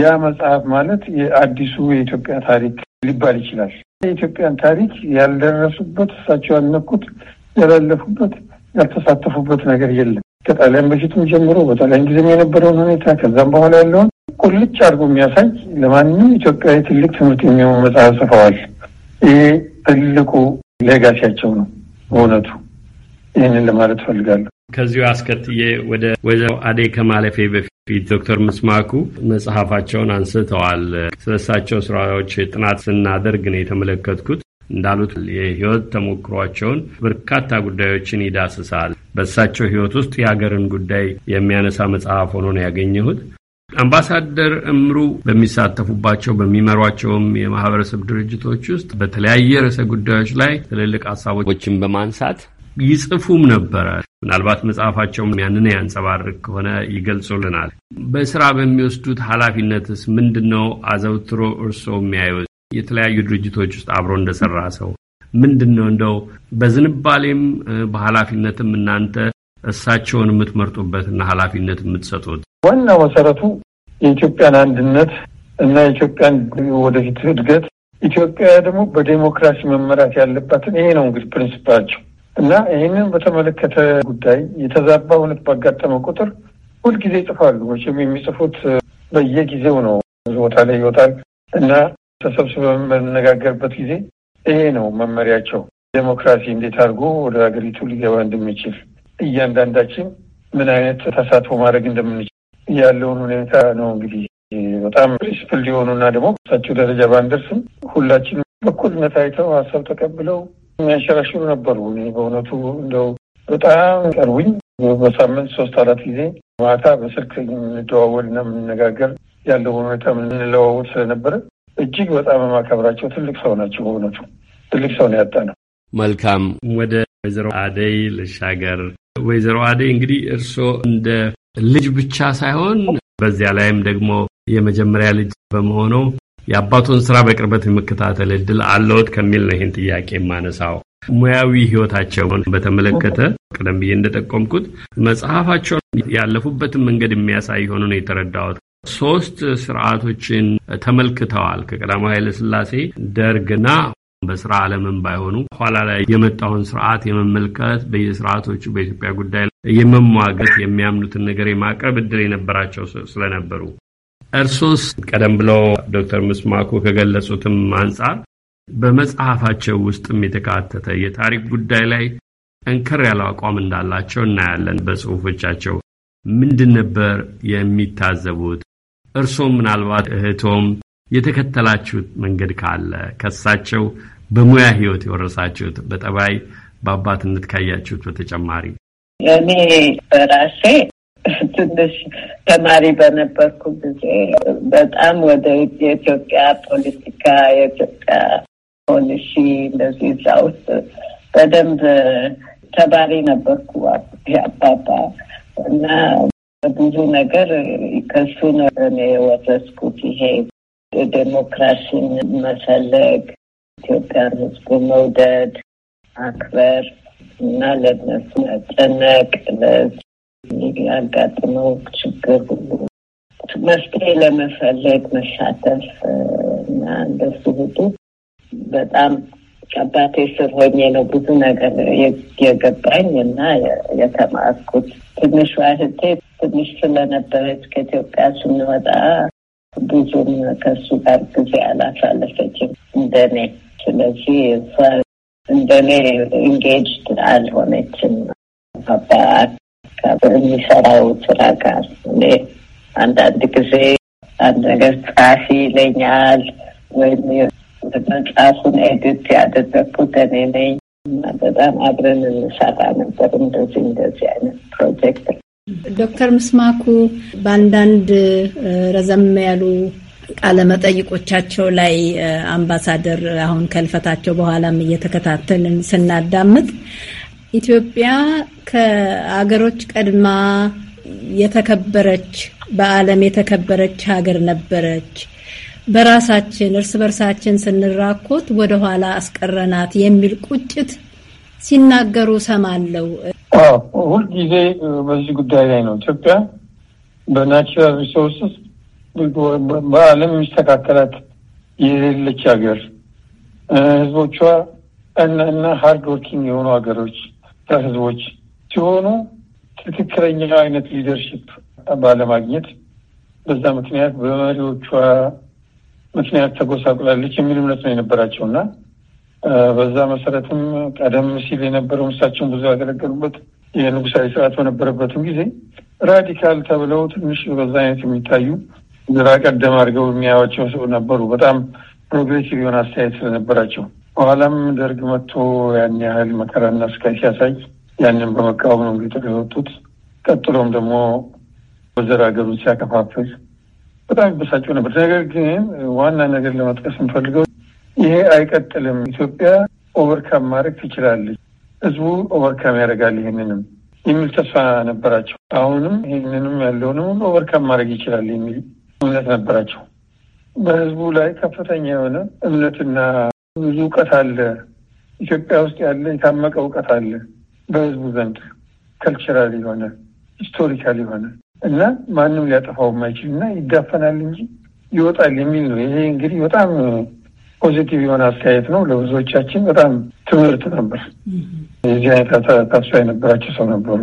ያ መጽሐፍ ማለት የአዲሱ የኢትዮጵያ ታሪክ ሊባል ይችላል። የኢትዮጵያን ታሪክ ያልደረሱበት፣ እሳቸው ያልነኩት፣ ያላለፉበት፣ ያልተሳተፉበት ነገር የለም። ከጣሊያን በፊትም ጀምሮ በጣሊያን ጊዜም የነበረውን ሁኔታ ከዛም በኋላ ያለውን ቁልጭ አድርጎ የሚያሳይ ለማንም ኢትዮጵያዊ ትልቅ ትምህርት የሚሆን መጽሐፍ ጽፈዋል። ይሄ ትልቁ ሌጋሲያቸው ነው በእውነቱ። ይህንን ለማለት ፈልጋለሁ።
ከዚሁ አስከትዬ ወደ ወይዘሮ አዴ ከማለፌ በፊት ዶክተር ምስማኩ መጽሐፋቸውን አንስተዋል። ስለሳቸው ስራዎች ጥናት ስናደርግ ነው የተመለከትኩት። እንዳሉት የህይወት ተሞክሯቸውን በርካታ ጉዳዮችን ይዳስሳል። በእሳቸው ህይወት ውስጥ የሀገርን ጉዳይ የሚያነሳ መጽሐፍ ሆኖ ነው ያገኘሁት። አምባሳደር እምሩ በሚሳተፉባቸው በሚመሯቸውም የማህበረሰብ ድርጅቶች ውስጥ በተለያየ ርዕሰ ጉዳዮች ላይ ትልልቅ ሀሳቦችን በማንሳት ይጽፉም ነበረ። ምናልባት መጽሐፋቸውም ያንን ያንጸባርቅ ከሆነ ይገልጹልናል። በስራ በሚወስዱት ኃላፊነትስ ምንድን ነው? አዘውትሮ እርስዎ የሚያዩት የተለያዩ ድርጅቶች ውስጥ አብሮ እንደሰራ ሰው ምንድን ነው እንደው በዝንባሌም በኃላፊነትም እናንተ እሳቸውን የምትመርጡበትና ኃላፊነት የምትሰጡት
ዋና መሰረቱ የኢትዮጵያን አንድነት እና የኢትዮጵያን ወደፊት እድገት ኢትዮጵያ ደግሞ በዴሞክራሲ መመራት ያለባትን ይሄ ነው እንግዲህ ፕሪንስፓቸው እና ይህንን በተመለከተ ጉዳይ የተዛባ እውነት ባጋጠመው ቁጥር ሁልጊዜ ይጽፋሉ። መቼም የሚጽፉት በየጊዜው ነው፣ ብዙ ቦታ ላይ ይወጣል እና ተሰብስበን በምንነጋገርበት ጊዜ ይሄ ነው መመሪያቸው። ዴሞክራሲ እንዴት አድርጎ ወደ ሀገሪቱ ሊገባ እንደሚችል እያንዳንዳችን ምን አይነት ተሳትፎ ማድረግ እንደምንችል ያለውን ሁኔታ ነው እንግዲህ በጣም ፕሪንስፕል ሊሆኑና ደግሞ እሳቸው ደረጃ ባንደርስም ሁላችንም በኩልነት አይተው ሀሳብ ተቀብለው የሚያሸራሽሩ ነበሩ። በእውነቱ እንደው በጣም ቀርቡኝ። በሳምንት ሶስት አራት ጊዜ ማታ በስልክ ና የምንነጋገር ያለው ሁኔታ የምንለዋወል ስለነበረ እጅግ በጣም የማከብራቸው ትልቅ ሰው ናቸው። በእውነቱ ትልቅ ሰው ነው ያጣ ነው።
መልካም ወደ ወይዘሮ አደይ ልሻገር። ወይዘሮ አደይ እንግዲህ እርስዎ እንደ ልጅ ብቻ ሳይሆን በዚያ ላይም ደግሞ የመጀመሪያ ልጅ በመሆኑ የአባቱን ስራ በቅርበት የመከታተል እድል አለውት ከሚል ነው ይህን ጥያቄ የማነሳው። ሙያዊ ህይወታቸውን በተመለከተ ቀደም ብዬ እንደጠቆምኩት መጽሐፋቸውን ያለፉበትን መንገድ የሚያሳይ ሆኖ ነው የተረዳሁት። ሶስት ስርዓቶችን ተመልክተዋል። ከቀዳማዊ ኃይለ ስላሴ ደርግና በስራ ዓለምን ባይሆኑ ኋላ ላይ የመጣውን ስርዓት የመመልከት በየስርዓቶቹ በኢትዮጵያ ጉዳይ የመሟገት የሚያምኑትን ነገር የማቅረብ እድል የነበራቸው ስለነበሩ እርሶስ ቀደም ብለው ዶክተር ምስማኩ ከገለጹትም አንጻር በመጽሐፋቸው ውስጥም የተካተተ የታሪክ ጉዳይ ላይ ጠንከር ያለው አቋም እንዳላቸው እናያለን። በጽሁፎቻቸው ምንድን ነበር የሚታዘቡት? እርሶም ምናልባት እህቶም የተከተላችሁት መንገድ ካለ ከሳቸው በሙያ ህይወት የወረሳችሁት በጠባይ በአባትነት ካያችሁት በተጨማሪ
እኔ በራሴ ትንሽ ተማሪ በነበርኩ ጊዜ በጣም ወደ የኢትዮጵያ ፖለቲካ የኢትዮጵያ ፖሊሲ እንደዚህ እዛ ውስጥ በደንብ ተባሪ ነበርኩ አባባ እና ብዙ ነገር ከሱ ነው እኔ የወረስኩት። ይሄ ዴሞክራሲን መፈለግ፣ ኢትዮጵያን ሕዝቡ መውደድ፣ አክበር እና ለነሱ መጨነቅ ለዚ ያጋጥመው ችግር ሁሉ መፍትሄ ለመፈለግ መሳተፍ እና እንደሱ ሁሉ በጣም አባቴ ስር ሆኜ ነው ብዙ ነገር የገባኝ እና የተማርኩት። ትንሽ እህቴ ትንሽ ስለነበረች ከኢትዮጵያ ስንወጣ ብዙም ከሱ ጋር ጊዜ አላሳለፈችም እንደኔ። ስለዚህ እሷ እንደኔ ኢንጌጅድ አልሆነችም አባ ከሚሰራው ስራ ጋር እኔ አንዳንድ ጊዜ አንድ ነገር ጸሐፊ ይለኛል ወይም መጽሐፉን ኤዲት ያደረግኩት እኔ ነኝ እና በጣም አብረን እንሰራ ነበር። እንደዚህ እንደዚህ አይነት ፕሮጀክት ዶክተር
ምስማኩ በአንዳንድ ረዘም ያሉ ቃለ መጠይቆቻቸው ላይ አምባሳደር አሁን ከልፈታቸው በኋላም እየተከታተልን ስናዳምጥ ኢትዮጵያ ከአገሮች ቀድማ የተከበረች በዓለም የተከበረች ሀገር ነበረች። በራሳችን እርስ በርሳችን ስንራኮት ወደኋላ አስቀረናት የሚል ቁጭት ሲናገሩ ሰማለው።
ሁልጊዜ በዚህ ጉዳይ ላይ ነው። ኢትዮጵያ በናቹራል ሪሶርስስ በዓለም የሚስተካከላት የሌለች ሀገር፣ ህዝቦቿ እና ሀርድ ወርኪንግ የሆኑ ሀገሮች ህዝቦች ሲሆኑ ትክክለኛ አይነት ሊደርሽፕ ባለማግኘት በዛ ምክንያት በመሪዎቿ ምክንያት ተጎሳቁላለች የሚል እምነት ነው የነበራቸው እና በዛ መሰረትም ቀደም ሲል የነበረው እሳቸውን ብዙ ያገለገሉበት የንጉሳዊ ስርዓት በነበረበትም ጊዜ ራዲካል ተብለው ትንሽ በዛ አይነት የሚታዩ ግራ ቀደም አድርገው የሚያዩቸው ሰው ነበሩ። በጣም ፕሮግሬሲቭ የሆነ አስተያየት ስለነበራቸው በኋላም ደርግ መጥቶ ያን ያህል መከራና ስቃይ ሲያሳይ ያንን በመቃወም ነው እንግዲህ የወጡት። ቀጥሎም ደግሞ በዘር ሀገሩን ሲያከፋፍል በጣም ይበሳጭ ነበር። ነገር ግን ዋና ነገር ለመጥቀስ እንፈልገው ይሄ አይቀጥልም፣ ኢትዮጵያ ኦቨርካም ማድረግ ትችላለች፣ ህዝቡ ኦቨርካም ያደርጋል ይህንንም የሚል ተስፋ ነበራቸው። አሁንም ይህንንም ያለውንም ሁሉ ኦቨርካም ማድረግ ይችላል የሚል እምነት ነበራቸው። በህዝቡ ላይ ከፍተኛ የሆነ እምነትና ብዙ እውቀት አለ። ኢትዮጵያ ውስጥ ያለ የታመቀ እውቀት አለ በህዝቡ ዘንድ ከልቸራል የሆነ ሂስቶሪካል የሆነ እና ማንም ሊያጠፋው የማይችል እና ይዳፈናል እንጂ ይወጣል የሚል ነው። ይሄ እንግዲህ በጣም ፖዚቲቭ የሆነ አስተያየት ነው። ለብዙዎቻችን በጣም ትምህርት ነበር። የዚህ አይነት ተስፋ የነበራቸው ሰው ነበሩ።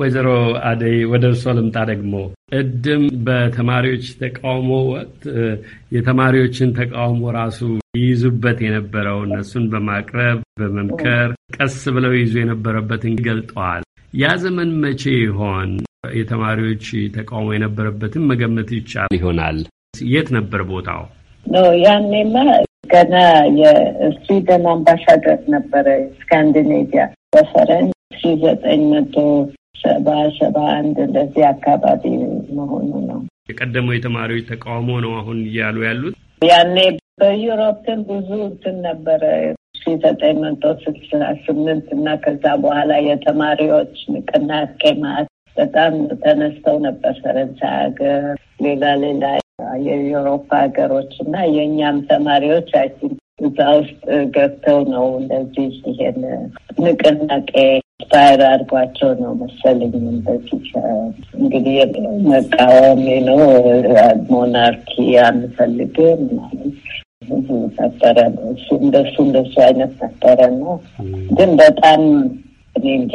ወይዘሮ አደይ ወደ እርሶ ልምጣ ደግሞ እድም በተማሪዎች ተቃውሞ ወቅት የተማሪዎችን ተቃውሞ ራሱ ይይዙበት የነበረው እነሱን በማቅረብ በመምከር ቀስ ብለው ይዙ የነበረበትን ገልጠዋል። ያ ዘመን መቼ ይሆን? የተማሪዎች ተቃውሞ የነበረበትን መገመት ይቻል ይሆናል። የት ነበር ቦታው?
ያኔማ ገና የስዊድን አምባሳደር ነበረ ስካንዲኔቪያ በፈረን ሺ ዘጠኝ መቶ ሰባ ሰባ አንድ እንደዚህ አካባቢ መሆኑ ነው።
የቀደመው የተማሪዎች ተቃውሞ ነው አሁን እያሉ ያሉት። ያኔ
በዩሮፕን ብዙ እንትን ነበረ ሺ ዘጠኝ መቶ ስልሳ ስምንት እና ከዛ በኋላ የተማሪዎች ንቅናቄ ማለት በጣም ተነስተው ነበር። ፈረንሳይ ሀገር፣ ሌላ ሌላ የዩሮፓ ሀገሮች እና የእኛም ተማሪዎች አይ እዛ ውስጥ ገብተው ነው እንደዚህ ይሄን ንቅናቄ ፋይር አድርጓቸው ነው መሰለኝ። በዚህ እንግዲህ መቃወም ነው ሞናርኪ አንፈልግም ነበረ። እንደሱ እንደሱ አይነት ነበረ ነው። ግን በጣም እኔ እንጃ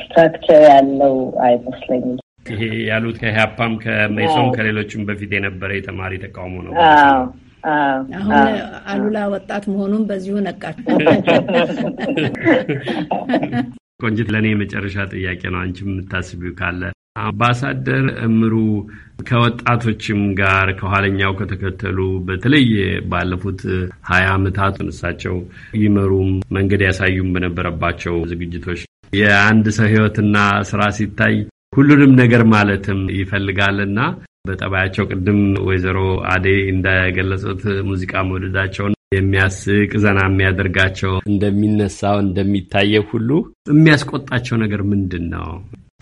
ስትራክቸር ያለው አይመስለኝም።
ይሄ ያሉት ከኢህአፓም ከመኢሶን ከሌሎችም በፊት የነበረ የተማሪ ተቃውሞ ነው።
አሁን አሉላ ወጣት መሆኑን በዚሁ ነቃችሁ። (laughs)
ቆንጅት፣ ለእኔ የመጨረሻ ጥያቄ ነው። አንቺ የምታስቢው ካለ አምባሳደር እምሩ ከወጣቶችም ጋር ከኋለኛው ከተከተሉ በተለይ ባለፉት ሀያ ዓመታት እሳቸው ይመሩም መንገድ ያሳዩም በነበረባቸው ዝግጅቶች የአንድ ሰው ሕይወትና ስራ ሲታይ ሁሉንም ነገር ማለትም ይፈልጋልና በጠባያቸው ቅድም ወይዘሮ አዴ እንደገለጹት ሙዚቃ መውደዳቸውን የሚያስቅ ዘና የሚያደርጋቸው እንደሚነሳው እንደሚታየው ሁሉ የሚያስቆጣቸው ነገር ምንድን ነው?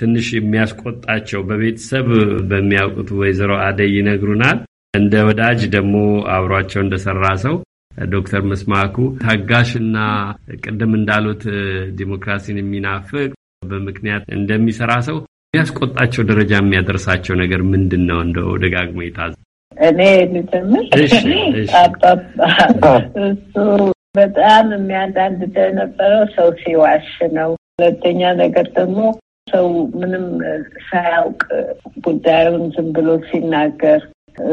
ትንሽ የሚያስቆጣቸው በቤተሰብ በሚያውቁት ወይዘሮ አደይ ይነግሩናል። እንደ ወዳጅ ደግሞ አብሯቸው እንደሰራ ሰው ዶክተር መስማኩ ታጋሽና ቅድም እንዳሉት ዲሞክራሲን የሚናፍቅ በምክንያት እንደሚሰራ ሰው የሚያስቆጣቸው ደረጃ የሚያደርሳቸው ነገር ምንድን ነው? እንደው ደጋግሞ የታዘ
እኔ ልጀምር። እሱ በጣም የሚያንዳንድ የነበረው ሰው ሲዋሽ ነው። ሁለተኛ ነገር ደግሞ ሰው ምንም ሳያውቅ ጉዳዩን ዝም ብሎ ሲናገር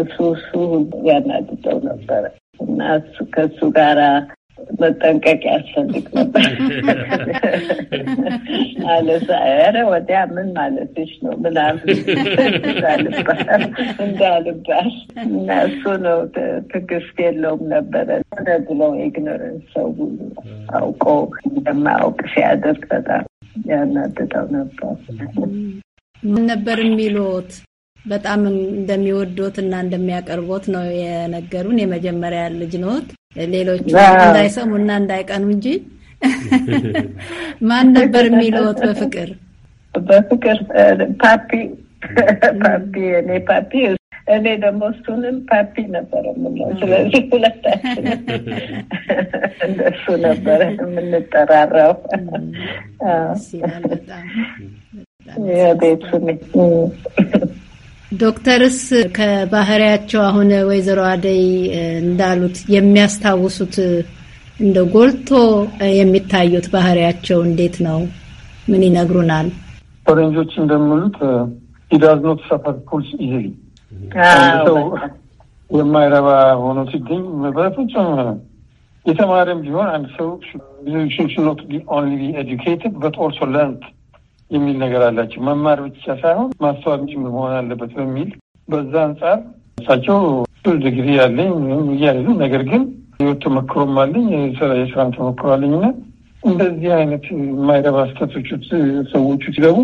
እሱ እሱ ያናድጠው ነበረ እና ከሱ ጋራ መጠንቀቅ ያስፈልግ ነበር አለ። ኧረ ወዲያ ምን ማለትሽ ነው ምናምን እንዳልባል እና እሱ ነው ትዕግስት የለውም ነበረ። ሆነ ብሎ ኢግኖረንስ ሰው አውቆ እንደማያውቅ ሲያደርግ በጣም ያናድጠው ነበር።
ምን ነበር የሚሉት በጣም እንደሚወዱት እና እንደሚያቀርቦት ነው የነገሩን። የመጀመሪያ ልጅ ኖት። ሌሎቹ እንዳይሰሙ እና እንዳይቀኑ እንጂ ማን ነበር የሚለወት? በፍቅር
በፍቅር ፓፒ ፓፒ እኔ ፓፒ እኔ ደግሞ እሱንም ፓፒ ነበረ የምለው። ስለዚህ ሁለታችን እንደሱ ነበረ የምንጠራራው የቤቱ
ዶክተርስ ከባህሪያቸው አሁን ወይዘሮ አደይ እንዳሉት የሚያስታውሱት እንደ ጎልቶ የሚታዩት ባህሪያቸው እንዴት ነው? ምን ይነግሩናል?
ፈረንጆች እንደሚሉት ኢዳዝኖት ሰፈር ፑልስ ይሄ ሰው የማይረባ ሆኖ ሲገኝ በፍጹም የተማረም ቢሆን አንድ ሰው ኖት ኦንሊ ኤዱኬትድ በት ኦልሶ ለርንት የሚል ነገር አላቸው። መማር ብቻ ሳይሆን ማስተዋል ጭምር መሆን አለበት በሚል በዛ አንጻር እሳቸው ብዙ ዲግሪ ያለኝ እያሉ ነገር ግን ህይወት ተመክሮም አለኝ የስራን ተመክሮ አለኝ እና እንደዚህ አይነት የማይረባ ስህተቶች ሰዎቹ ሲገቡ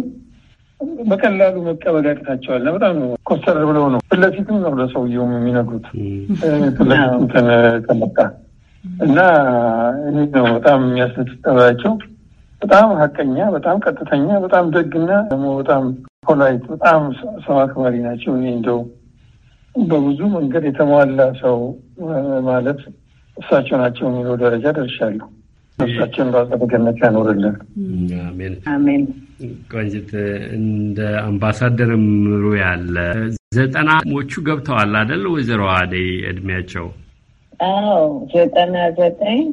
በቀላሉ መቀበል ያቅታቸዋል። በጣም ኮስተር ብለው ነው ፊት ነው ለሰውየውም የሚነግሩት ፊት ተመጣ እና ይህ ነው በጣም የሚያስነጥጠባቸው በጣም ሀቀኛ፣ በጣም ቀጥተኛ፣ በጣም ደግና ደግሞ በጣም ፖላይት፣ በጣም ሰው አክባሪ ናቸው። እኔ እንደው በብዙ መንገድ የተሟላ ሰው ማለት እሳቸው ናቸው የሚለው ደረጃ ደርሻለሁ። እሳቸውን በአጸደ ገነት ያኖርልን።
አሜን አሜን። ቆንጅት እንደ አምባሳደርም ምሩ ያለ ዘጠና ሞቹ ገብተዋል አደል? ወይዘሮ አደይ እድሜያቸው
አዎ ዘጠና ዘጠኝ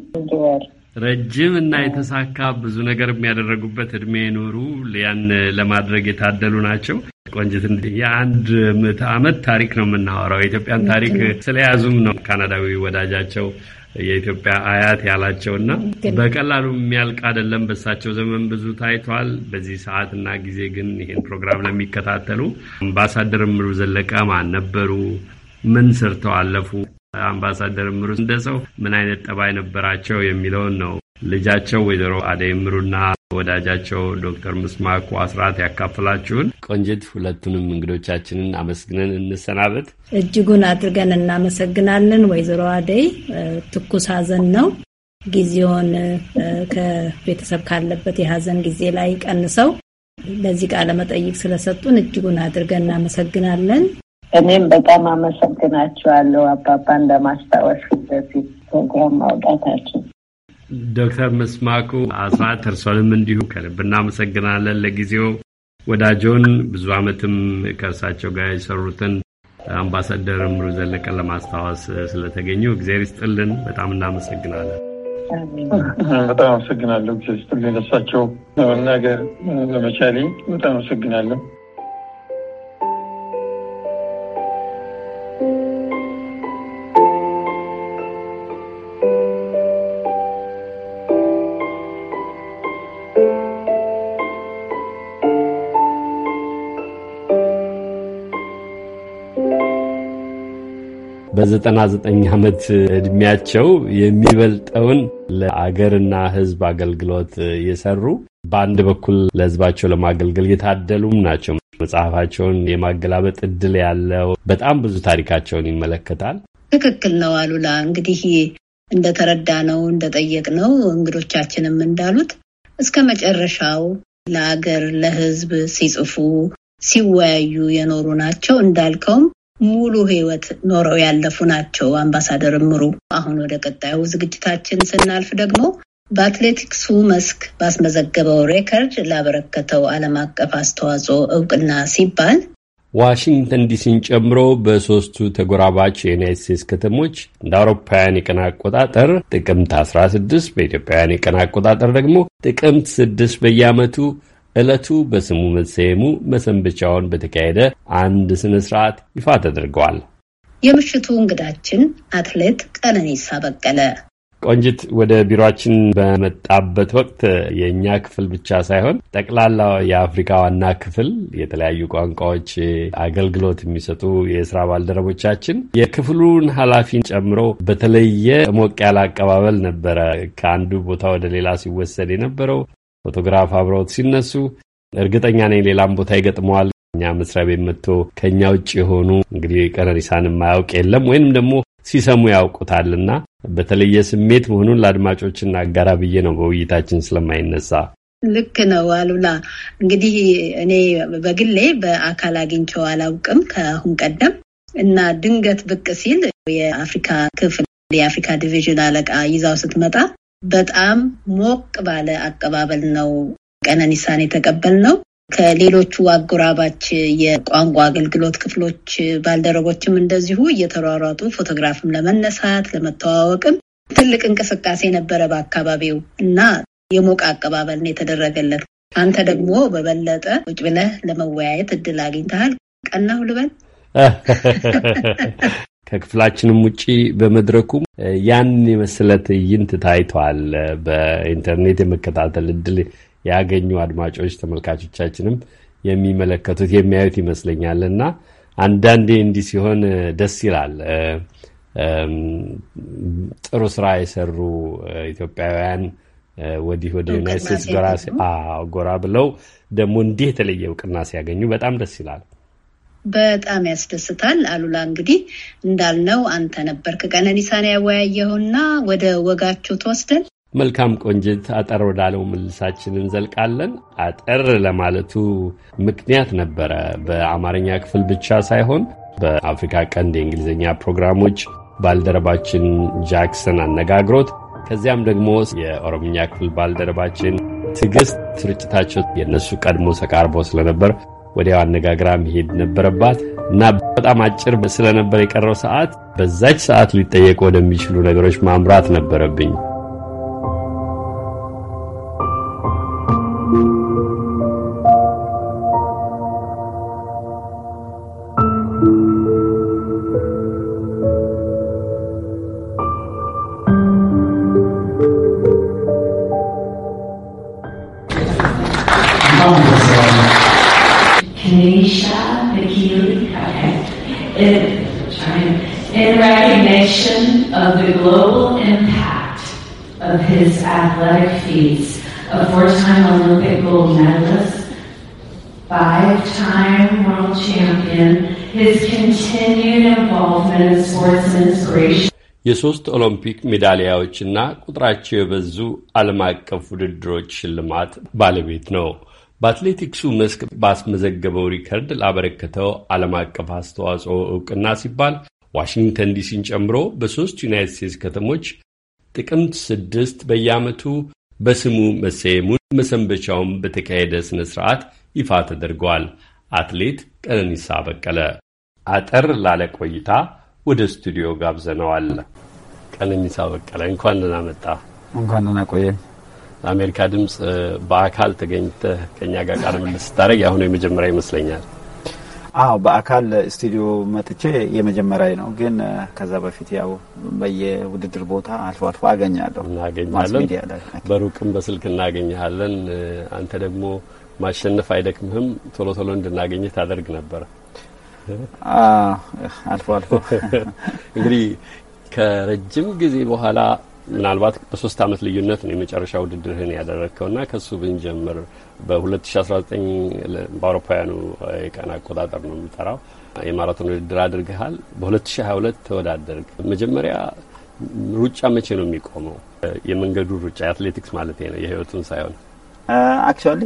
ወር
ረጅም እና የተሳካ ብዙ ነገር የሚያደረጉበት እድሜ የኖሩ ያን ለማድረግ የታደሉ ናቸው። ቆንጅት የአንድ ምዕተ ዓመት ታሪክ ነው የምናወራው። የኢትዮጵያን ታሪክ ስለያዙም ነው ካናዳዊ ወዳጃቸው የኢትዮጵያ አያት ያላቸው እና በቀላሉ የሚያልቅ አይደለም። በሳቸው ዘመን ብዙ ታይቷል። በዚህ ሰዓት እና ጊዜ ግን ይህን ፕሮግራም ለሚከታተሉ አምባሳደር ምሩ ዘለቀ ማን ነበሩ? ምን ሰርተው አለፉ? አምባሳደር ምሩ እንደ ሰው ምን አይነት ጠባይ ነበራቸው የሚለውን ነው ልጃቸው ወይዘሮ አደይ ምሩና ወዳጃቸው ዶክተር ምስማኩ አስራት ያካፍላችሁን። ቆንጅት፣ ሁለቱንም እንግዶቻችንን አመስግነን እንሰናበት።
እጅጉን አድርገን እናመሰግናለን። ወይዘሮ አደይ ትኩስ ሀዘን ነው። ጊዜውን ከቤተሰብ ካለበት የሀዘን ጊዜ ላይ ቀንሰው ለዚህ ቃለ መጠይቅ ስለሰጡን እጅጉን አድርገን
እናመሰግናለን። እኔም በጣም አመሰግናቸዋለሁ አባባ እንደማስታወስ በፊት ፕሮግራም ማውጣታችን።
ዶክተር መስማኩ አስራት እርሶንም እንዲሁ ከልብ እናመሰግናለን። ለጊዜው ወዳጆን ብዙ ዓመትም ከእርሳቸው ጋር የሰሩትን አምባሳደር እምሩ ዘለቀ ለማስታወስ ስለተገኙ እግዚአብሔር ይስጥልን። በጣም እናመሰግናለን።
በጣም አመሰግናለሁ። እግዚአብሔር ይስጥልን። ለእሳቸው ለመናገር በመቻሌ በጣም አመሰግናለሁ።
በ99 ዓመት ዕድሜያቸው የሚበልጠውን ለአገርና ሕዝብ አገልግሎት የሰሩ በአንድ በኩል ለሕዝባቸው ለማገልገል የታደሉም ናቸው። መጽሐፋቸውን የማገላበጥ እድል ያለው በጣም ብዙ ታሪካቸውን ይመለከታል።
ትክክል ነው አሉላ። እንግዲህ እንደተረዳ ነው እንደጠየቅ ነው እንግዶቻችንም እንዳሉት እስከ መጨረሻው ለአገር ለሕዝብ ሲጽፉ ሲወያዩ የኖሩ ናቸው እንዳልከውም ሙሉ ህይወት ኖረው ያለፉ ናቸው አምባሳደር እምሩ። አሁን ወደ ቀጣዩ ዝግጅታችን ስናልፍ ደግሞ በአትሌቲክሱ መስክ ባስመዘገበው ሬከርድ ላበረከተው ዓለም አቀፍ አስተዋጽኦ እውቅና ሲባል
ዋሽንግተን ዲሲን ጨምሮ በሶስቱ ተጎራባች የዩናይት ስቴትስ ከተሞች እንደ አውሮፓውያን የቀን አቆጣጠር ጥቅምት 16 በኢትዮጵያውያን የቀን አቆጣጠር ደግሞ ጥቅምት 6 በየዓመቱ ዕለቱ በስሙ መሰየሙ መሰንበቻውን በተካሄደ አንድ ስነ ስርዓት ይፋ ተደርገዋል።
የምሽቱ እንግዳችን አትሌት ቀነኒሳ በቀለ
ቆንጅት ወደ ቢሮችን በመጣበት ወቅት የእኛ ክፍል ብቻ ሳይሆን ጠቅላላ የአፍሪካ ዋና ክፍል የተለያዩ ቋንቋዎች አገልግሎት የሚሰጡ የስራ ባልደረቦቻችን የክፍሉን ኃላፊን ጨምሮ በተለየ ሞቅ ያለ አቀባበል ነበረ። ከአንዱ ቦታ ወደ ሌላ ሲወሰድ የነበረው ፎቶግራፍ አብረውት ሲነሱ እርግጠኛ ነኝ ሌላም ቦታ ይገጥመዋል። እኛ መስሪያ ቤት መጥቶ ከእኛ ውጭ የሆኑ እንግዲህ ቀነኒሳን የማያውቅ የለም ወይንም ደግሞ ሲሰሙ ያውቁታልና በተለየ ስሜት መሆኑን ለአድማጮችና አጋራ ብዬ ነው በውይይታችን ስለማይነሳ
ልክ ነው አሉላ። እንግዲህ እኔ በግሌ በአካል አግኝቼው አላውቅም ከአሁን ቀደም እና ድንገት ብቅ ሲል የአፍሪካ ክፍል የአፍሪካ ዲቪዥን አለቃ ይዛው ስትመጣ በጣም ሞቅ ባለ አቀባበል ነው ቀነኒሳን ነው። ከሌሎቹ አጎራባች የቋንቋ አገልግሎት ክፍሎች ባልደረቦችም እንደዚሁ እየተሯሯጡ ፎቶግራፍም ለመነሳት ለመተዋወቅም ትልቅ እንቅስቃሴ ነበረ በአካባቢው እና የሞቀ አቀባበል ነው የተደረገለት። አንተ ደግሞ በበለጠ ውጭ ብለህ ለመወያየት እድል አግኝተሃል። ቀናሁ ልበል?
(laughs) ከክፍላችንም ውጭ በመድረኩም ያን የመሰለ ትዕይንት ታይቷል። በኢንተርኔት የመከታተል እድል ያገኙ አድማጮች ተመልካቾቻችንም የሚመለከቱት የሚያዩት ይመስለኛል እና አንዳንዴ እንዲህ ሲሆን ደስ ይላል። ጥሩ ስራ የሰሩ ኢትዮጵያውያን ወዲህ ወደ ዩናይት ስቴትስ ጎራ ብለው ደግሞ እንዲህ የተለየ እውቅና ሲያገኙ በጣም ደስ ይላል።
በጣም ያስደስታል። አሉላ እንግዲህ እንዳልነው አንተ ነበር ከቀነኒሳን ያወያየውና ወደ ወጋችሁ ተወስደን
መልካም ቆንጅት፣ አጠር ወዳለው ምልሳችን እንዘልቃለን። አጠር ለማለቱ ምክንያት ነበረ። በአማርኛ ክፍል ብቻ ሳይሆን በአፍሪካ ቀንድ የእንግሊዝኛ ፕሮግራሞች ባልደረባችን ጃክሰን አነጋግሮት ከዚያም ደግሞ የኦሮምኛ ክፍል ባልደረባችን ትዕግስት ስርጭታቸው የእነሱ ቀድሞ ተቃርቦ ስለነበር ወዲያው አነጋግራ መሄድ ነበረባት እና በጣም አጭር ስለነበር የቀረው ሰዓት በዛች ሰዓት ሊጠየቁ ወደሚችሉ ነገሮች ማምራት ነበረብኝ።
time Olympic gold medalist, five time world champion,
his continued involvement in sports and inspiration.
የሶስት ኦሎምፒክ ሜዳሊያዎችና ቁጥራቸው የበዙ ዓለም አቀፍ ውድድሮች ሽልማት ባለቤት ነው። በአትሌቲክሱ መስክ ባስመዘገበው ሪከርድ ላበረከተው ዓለም አቀፍ አስተዋጽኦ እውቅና ሲባል ዋሽንግተን ዲሲን ጨምሮ በሦስት ዩናይት ስቴትስ ከተሞች ጥቅምት ስድስት በየዓመቱ በስሙ መሰየሙን መሰንበቻውም በተካሄደ ሥነ ሥርዓት ይፋ ተደርጓል። አትሌት ቀነኒሳ በቀለ አጠር ላለ ቆይታ ወደ ስቱዲዮ ጋብዘነዋል። ቀነኒሳ በቀለ እንኳን ደህና መጣ። እንኳን ደህና ቆየ። ለአሜሪካ ድምፅ በአካል ተገኝተህ ከኛ ጋር ቃለ ምልልስ ስታደርግ አሁኑ የመጀመሪያ ይመስለኛል።
አዎ በአካል ስቱዲዮ መጥቼ የመጀመሪያ ነው። ግን ከዛ በፊት ያው በየውድድር ቦታ አልፎ አልፎ አገኛለሁ
እናገኛለን። በሩቅም በስልክ እናገኘሃለን። አንተ ደግሞ ማሸነፍ አይደክምህም፣ ቶሎ ቶሎ እንድናገኘ ታደርግ ነበረ። አልፎ አልፎ (laughs) እንግዲህ ከረጅም ጊዜ በኋላ ምናልባት በሶስት አመት ልዩነት ነው የመጨረሻ ውድድርህን ያደረግከውና ከሱ ብንጀምር በ2019 በአውሮፓውያኑ የቀን አቆጣጠር ነው የምጠራው የማራቶን ውድድር አድርገሃል። በ2022 ተወዳደርግ። መጀመሪያ ሩጫ መቼ ነው የሚቆመው? የመንገዱ ሩጫ የአትሌቲክስ ማለት ነው፣ የህይወቱን ሳይሆን
አክቹዋሊ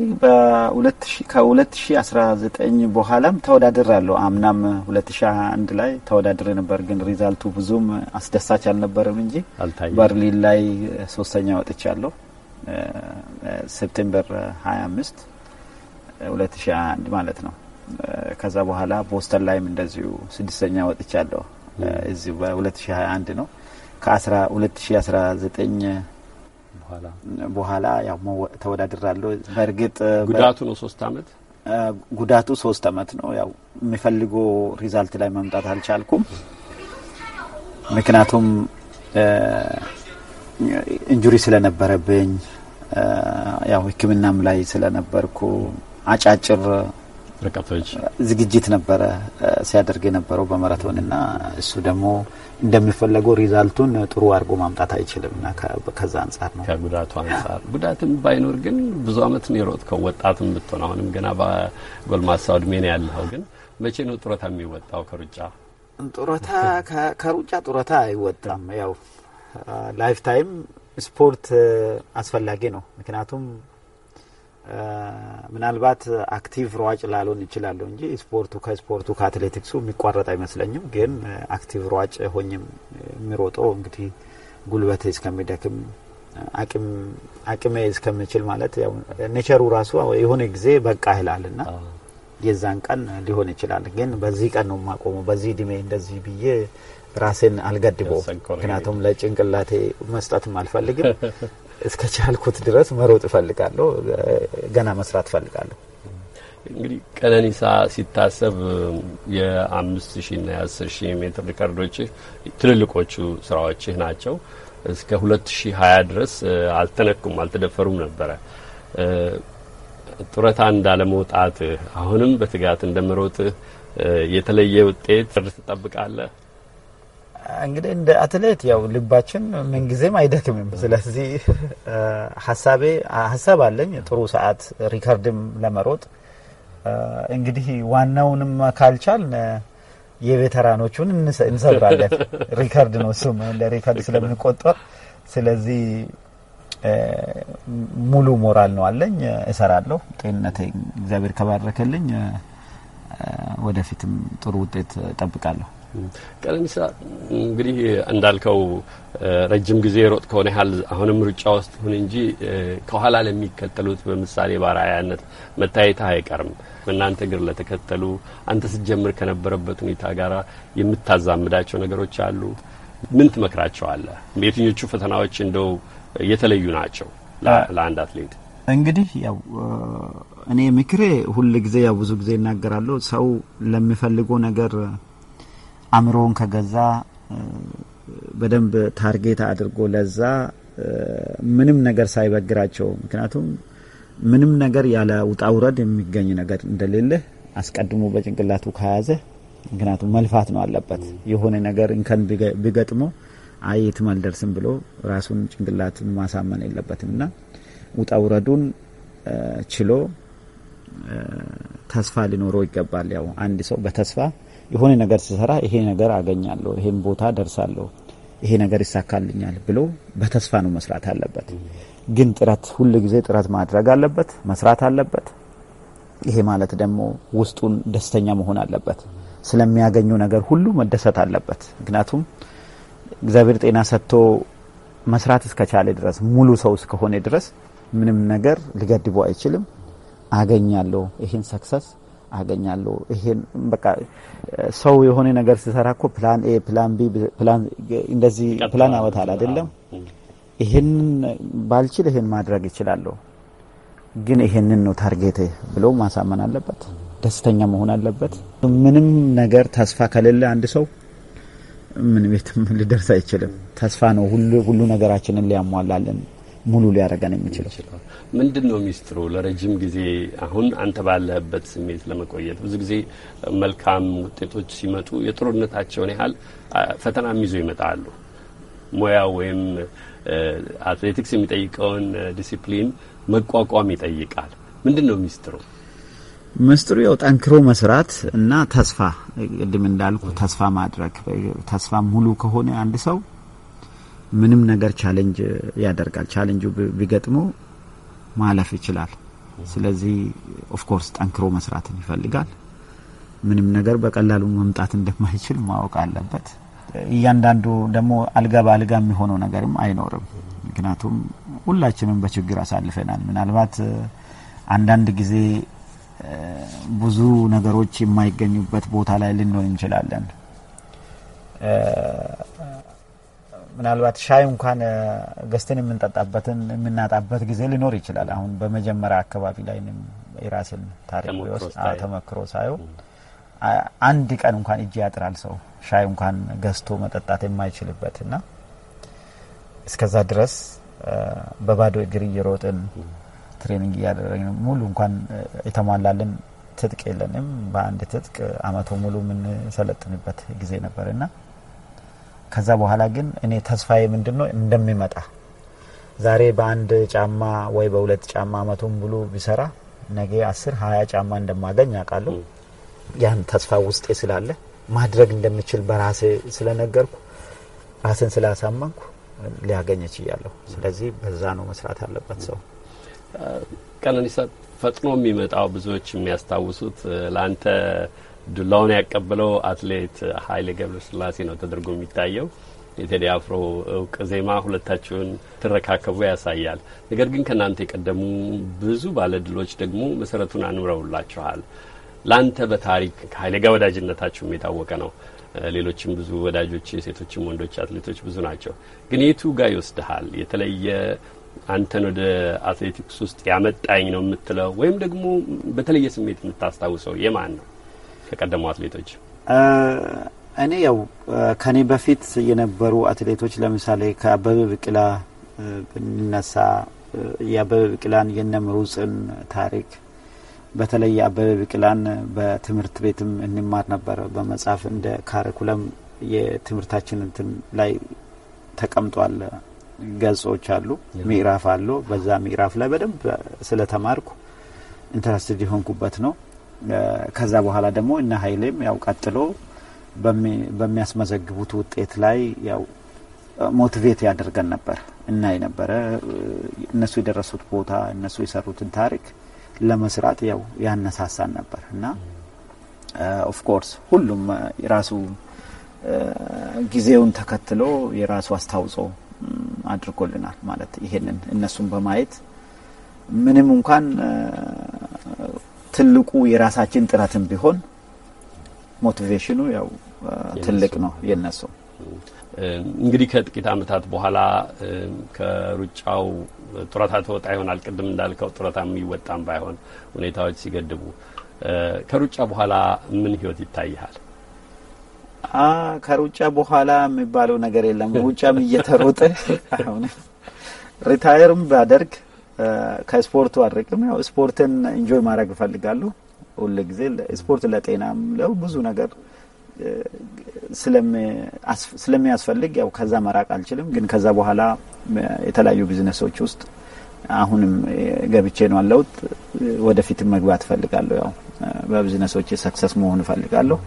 ከ2019 በኋላም ተወዳድር አለሁ። አምናም 2001 ላይ ተወዳድር ነበር፣ ግን ሪዛልቱ ብዙም አስደሳች አልነበርም እንጂ በርሊን ላይ ሶስተኛ ወጥቻለሁ። ሴፕቴምበር 25 2021 ማለት ነው። ከዛ በኋላ ቦስተን ላይም እንደዚሁ ስድስተኛ ወጥቻለሁ። እዚ በ2021 ነው። ከ2019 በኋላ ያው ተወዳድራለሁ። በእርግጥ ጉዳቱ ነው ሶስት አመት ጉዳቱ ሶስት አመት ነው። ያው የሚፈልገው ሪዛልት ላይ መምጣት አልቻልኩም። ምክንያቱም ኢንጁሪ ስለነበረብኝ ያው ሕክምናም ላይ ስለነበርኩ አጫጭር ርቀቶች ዝግጅት ነበረ ሲያደርግ የነበረው በማራቶን እና እሱ ደግሞ እንደሚፈለገው ሪዛልቱን ጥሩ
አድርጎ ማምጣት አይችልም እና ከዛ አንጻር ነው ከጉዳቱ አንጻር ጉዳትም ባይኖር ግን ብዙ አመት ነው የሮጥከው። ወጣትም ብትሆን አሁንም ገና በጎልማሳ እድሜ ነው ያለኸው። ግን መቼ ነው ጡረታ የሚወጣው ከሩጫ?
ጡረታ ከሩጫ ጡረታ አይወጣም ያው ላይፍ ታይም ስፖርት አስፈላጊ ነው። ምክንያቱም ምናልባት አክቲቭ ሯጭ ላልሆን ይችላለ እንጂ ስፖርቱ ከስፖርቱ ከአትሌቲክሱ የሚቋረጥ አይመስለኝም። ግን አክቲቭ ሯጭ ሆኝም የሚሮጠው እንግዲህ ጉልበቴ እስከሚደክም አቅሜ እስከምችል ማለት ኔቸሩ ራሱ የሆነ ጊዜ በቃ ይላል እና የዛን ቀን ሊሆን ይችላል። ግን በዚህ ቀን ነው የማቆመው በዚህ እድሜ እንደዚህ ብዬ ራሴን አልገድቦ ምክንያቱም ለጭንቅላቴ መስጠትም አልፈልግም። እስከ ቻልኩት ድረስ መሮጥ እፈልጋለሁ። ገና መስራት እፈልጋለሁ።
እንግዲህ ቀነኒሳ ሲታሰብ የአምስት ና የአስር ሺ ሜትር ሪከርዶች ትልልቆቹ ስራዎችህ ናቸው። እስከ ሁለት ሺ ሀያ ድረስ አልተነኩም አልተደፈሩም ነበረ። ጡረታ እንዳለመውጣትህ አሁንም በትጋት እንደመሮጥህ የተለየ ውጤት ትጠብቃለህ?
እንግዲህ እንደ አትሌት ያው ልባችን ምንጊዜም አይደክምም። ስለዚህ ሀሳቤ ሀሳብ አለኝ ጥሩ ሰዓት ሪከርድም ለመሮጥ እንግዲህ ዋናውንም ካልቻል የቬተራኖቹን እንሰብራለን። ሪከርድ ነው እሱም እንደ ሪከርድ ስለምንቆጠር ስለዚህ ሙሉ ሞራል ነው አለኝ። እሰራለሁ። ጤንነቴ እግዚአብሔር ከባረከልኝ ወደፊትም ጥሩ ውጤት እጠብቃለሁ።
ቀለሚሳ እንግዲህ እንዳልከው ረጅም ጊዜ ሮጥ ከሆነ ያህል አሁንም ሩጫ ውስጥ ሁን እንጂ ከኋላ ለሚከተሉት በምሳሌ ባራያነት መታየት አይቀርም። እናንተ እግር ለተከተሉ አንተ ስትጀምር ከነበረበት ሁኔታ ጋር የምታዛምዳቸው ነገሮች አሉ። ምን ትመክራቸዋለህ? የትኞቹ ፈተናዎች እንደው የተለዩ ናቸው ለአንድ አትሌት?
እንግዲህ ያው እኔ ምክሬ ሁል ጊዜ ያው ብዙ ጊዜ እናገራለሁ ሰው ለሚፈልገው ነገር አእምሮውን ከገዛ በደንብ ታርጌት አድርጎ ለዛ ምንም ነገር ሳይበግራቸው ምክንያቱም ምንም ነገር ያለ ውጣ ውረድ የሚገኝ ነገር እንደሌለህ አስቀድሞ በጭንቅላቱ ከያዘ ምክንያቱም መልፋት ነው አለበት። የሆነ ነገር እንከን ቢገጥሞ አይ የትም አልደርስም ብሎ ራሱን ጭንቅላትን ማሳመን የለበትም እና ውጣ ውረዱን ችሎ ተስፋ ሊኖረው ይገባል። ያው አንድ ሰው በተስፋ የሆነ ነገር ስሰራ ይሄ ነገር አገኛለሁ፣ ይሄን ቦታ ደርሳለሁ፣ ይሄ ነገር ይሳካልኛል ብሎ በተስፋ ነው መስራት አለበት። ግን ጥረት ሁል ጊዜ ጥረት ማድረግ አለበት፣ መስራት አለበት። ይሄ ማለት ደግሞ ውስጡን ደስተኛ መሆን አለበት። ስለሚያገኙ ነገር ሁሉ መደሰት አለበት። ምክንያቱም እግዚአብሔር ጤና ሰጥቶ መስራት እስከቻለ ድረስ ሙሉ ሰው እስከሆነ ድረስ ምንም ነገር ሊገድቦ አይችልም። አገኛለሁ ይህን ሰክሰስ አገኛለሁ። ይሄን በቃ ሰው የሆነ ነገር ሲሰራ እኮ ፕላን ኤ፣ ፕላን ቢ፣ ፕላን እንደዚህ ፕላን አወጣል አይደለም። ይሄንን ባልችል ይሄን ማድረግ እችላለሁ፣ ግን ይሄንን ነው ታርጌት ብሎ ማሳመን አለበት። ደስተኛ መሆን አለበት። ምንም ነገር ተስፋ ከሌለ አንድ ሰው ምን ቤትም ሊደርስ አይችልም። ተስፋ ነው ሁሉ ነገራችንን ሊያሟላልን ሙሉ ሊያደርገን የሚችለው።
ምንድን ነው ሚስጥሩ? ለረጅም ጊዜ አሁን አንተ ባለህበት ስሜት ለመቆየት ብዙ ጊዜ መልካም ውጤቶች ሲመጡ የጥሩነታቸውን ያህል ፈተናም ይዞ ይመጣሉ። ሙያው ወይም አትሌቲክስ የሚጠይቀውን ዲሲፕሊን መቋቋም ይጠይቃል። ምንድን ነው ሚስጥሩ?
ምስጢሩ ያው ጠንክሮ መስራት እና ተስፋ፣ ቅድም እንዳልኩ ተስፋ ማድረግ። ተስፋ ሙሉ ከሆነ አንድ ሰው ምንም ነገር ቻሌንጅ ያደርጋል። ቻሌንጁ ቢገጥመው ማለፍ ይችላል። ስለዚህ ኦፍኮርስ ጠንክሮ መስራትን ይፈልጋል። ምንም ነገር በቀላሉ መምጣት እንደማይችል ማወቅ አለበት። እያንዳንዱ ደግሞ አልጋ በአልጋ የሚሆነው ነገርም አይኖርም። ምክንያቱም ሁላችንም በችግር አሳልፈናል። ምናልባት አንዳንድ ጊዜ ብዙ ነገሮች የማይገኙበት ቦታ ላይ ልንሆን እንችላለን። ምናልባት ሻይ እንኳን ገዝተን የምንጠጣበትን የምናጣበት ጊዜ ሊኖር ይችላል። አሁን በመጀመሪያ አካባቢ ላይ የራስን ታሪክ ተመክሮ አንድ ቀን እንኳን እጅ ያጥራል ሰው ሻይ እንኳን ገዝቶ መጠጣት የማይችልበት እና እስከዛ ድረስ በባዶ እግር እየሮጥን ትሬኒንግ እያደረግን ሙሉ እንኳን የተሟላልን ትጥቅ የለንም። በአንድ ትጥቅ አመቶ ሙሉ የምንሰለጥንበት ጊዜ ነበር እና ከዛ በኋላ ግን እኔ ተስፋዬ ምንድን ነው እንደሚመጣ ዛሬ በአንድ ጫማ ወይ በሁለት ጫማ አመቱን ብሎ ቢሰራ ነገ አስር ሀያ ጫማ እንደማገኝ ያውቃሉ። ያን ተስፋ ውስጤ ስላለ ማድረግ እንደምችል በራሴ ስለነገርኩ ራሴን ስላሳመንኩ
ሊያገኝ እያለሁ ስለዚህ በዛ ነው መስራት ያለበት ሰው። ቀነኒሳ ፈጥኖ የሚመጣው ብዙዎች የሚያስታውሱት ለአንተ ዱላውን ያቀበለው አትሌት ኃይሌ ገብረስላሴ ነው ተደርጎ የሚታየው። የቴዲ አፍሮ እውቅ ዜማ ሁለታችሁን ትረካከቡ ያሳያል። ነገር ግን ከእናንተ የቀደሙ ብዙ ባለድሎች ደግሞ መሰረቱን አኑረውላችኋል። ለአንተ በታሪክ ከኃይሌ ጋር ወዳጅነታችሁም የታወቀ ነው። ሌሎችም ብዙ ወዳጆች የሴቶችም ወንዶች አትሌቶች ብዙ ናቸው። ግን የቱ ጋር ይወስድሃል? የተለየ አንተን ወደ አትሌቲክስ ውስጥ ያመጣኝ ነው የምትለው ወይም ደግሞ በተለየ ስሜት የምታስታውሰው የማን ነው? ከቀደሙ አትሌቶች?
እኔ ያው ከኔ በፊት የነበሩ አትሌቶች ለምሳሌ ከአበበ ብቅላ ብንነሳ የአበበ ብቅላን የነምሩፅን ታሪክ በተለይ የአበበ ብቅላን በትምህርት ቤትም እንማር ነበር። በመጽሐፍ እንደ ካሪኩለም የትምህርታችን እንትን ላይ ተቀምጧል። ገጾች አሉ፣ ምዕራፍ አሉ። በዛ ምዕራፍ ላይ በደንብ ስለተማርኩ ኢንተረስትድ የሆንኩበት ነው። ከዛ በኋላ ደግሞ እነ ሀይሌም ያው ቀጥሎ በሚያስመዘግቡት ውጤት ላይ ያው ሞቲቬት ያደርገን ነበር እና የነበረ እነሱ የደረሱት ቦታ እነሱ የሰሩትን ታሪክ ለመስራት ያው ያነሳሳን ነበር እና ኦፍኮርስ ሁሉም የራሱ ጊዜውን ተከትሎ የራሱ አስተዋጽኦ አድርጎልናል ማለት ይሄንን እነሱን በማየት ምንም እንኳን ትልቁ የራሳችን ጥረትም ቢሆን ሞቲቬሽኑ ያው ትልቅ ነው የነሱ።
እንግዲህ ከጥቂት ዓመታት በኋላ ከሩጫው ጡረታ ተወጣ ይሆናል። ቅድም እንዳልከው ጡረታ የሚወጣም ባይሆን ሁኔታዎች ሲገድቡ ከሩጫ በኋላ ምን ህይወት ይታይሃል?
ከሩጫ በኋላ የሚባለው ነገር የለም። ሩጫም እየተሮጠ (laughs) አሁን ሪታየርም ባደርግ ከስፖርቱ አድረቅም ያው ስፖርትን እንጆይ ማድረግ እፈልጋለሁ። ሁል ጊዜ ስፖርት ለጤናም ለው ብዙ ነገር ስለሚያስፈልግ ያው ከዛ መራቅ አልችልም። ግን ከዛ በኋላ የተለያዩ ቢዝነሶች ውስጥ አሁንም ገብቼ ነው ያለሁት። ወደፊት መግባት እፈልጋለሁ። ያው በቢዝነሶች ሰክሰስ መሆን እፈልጋለሁ።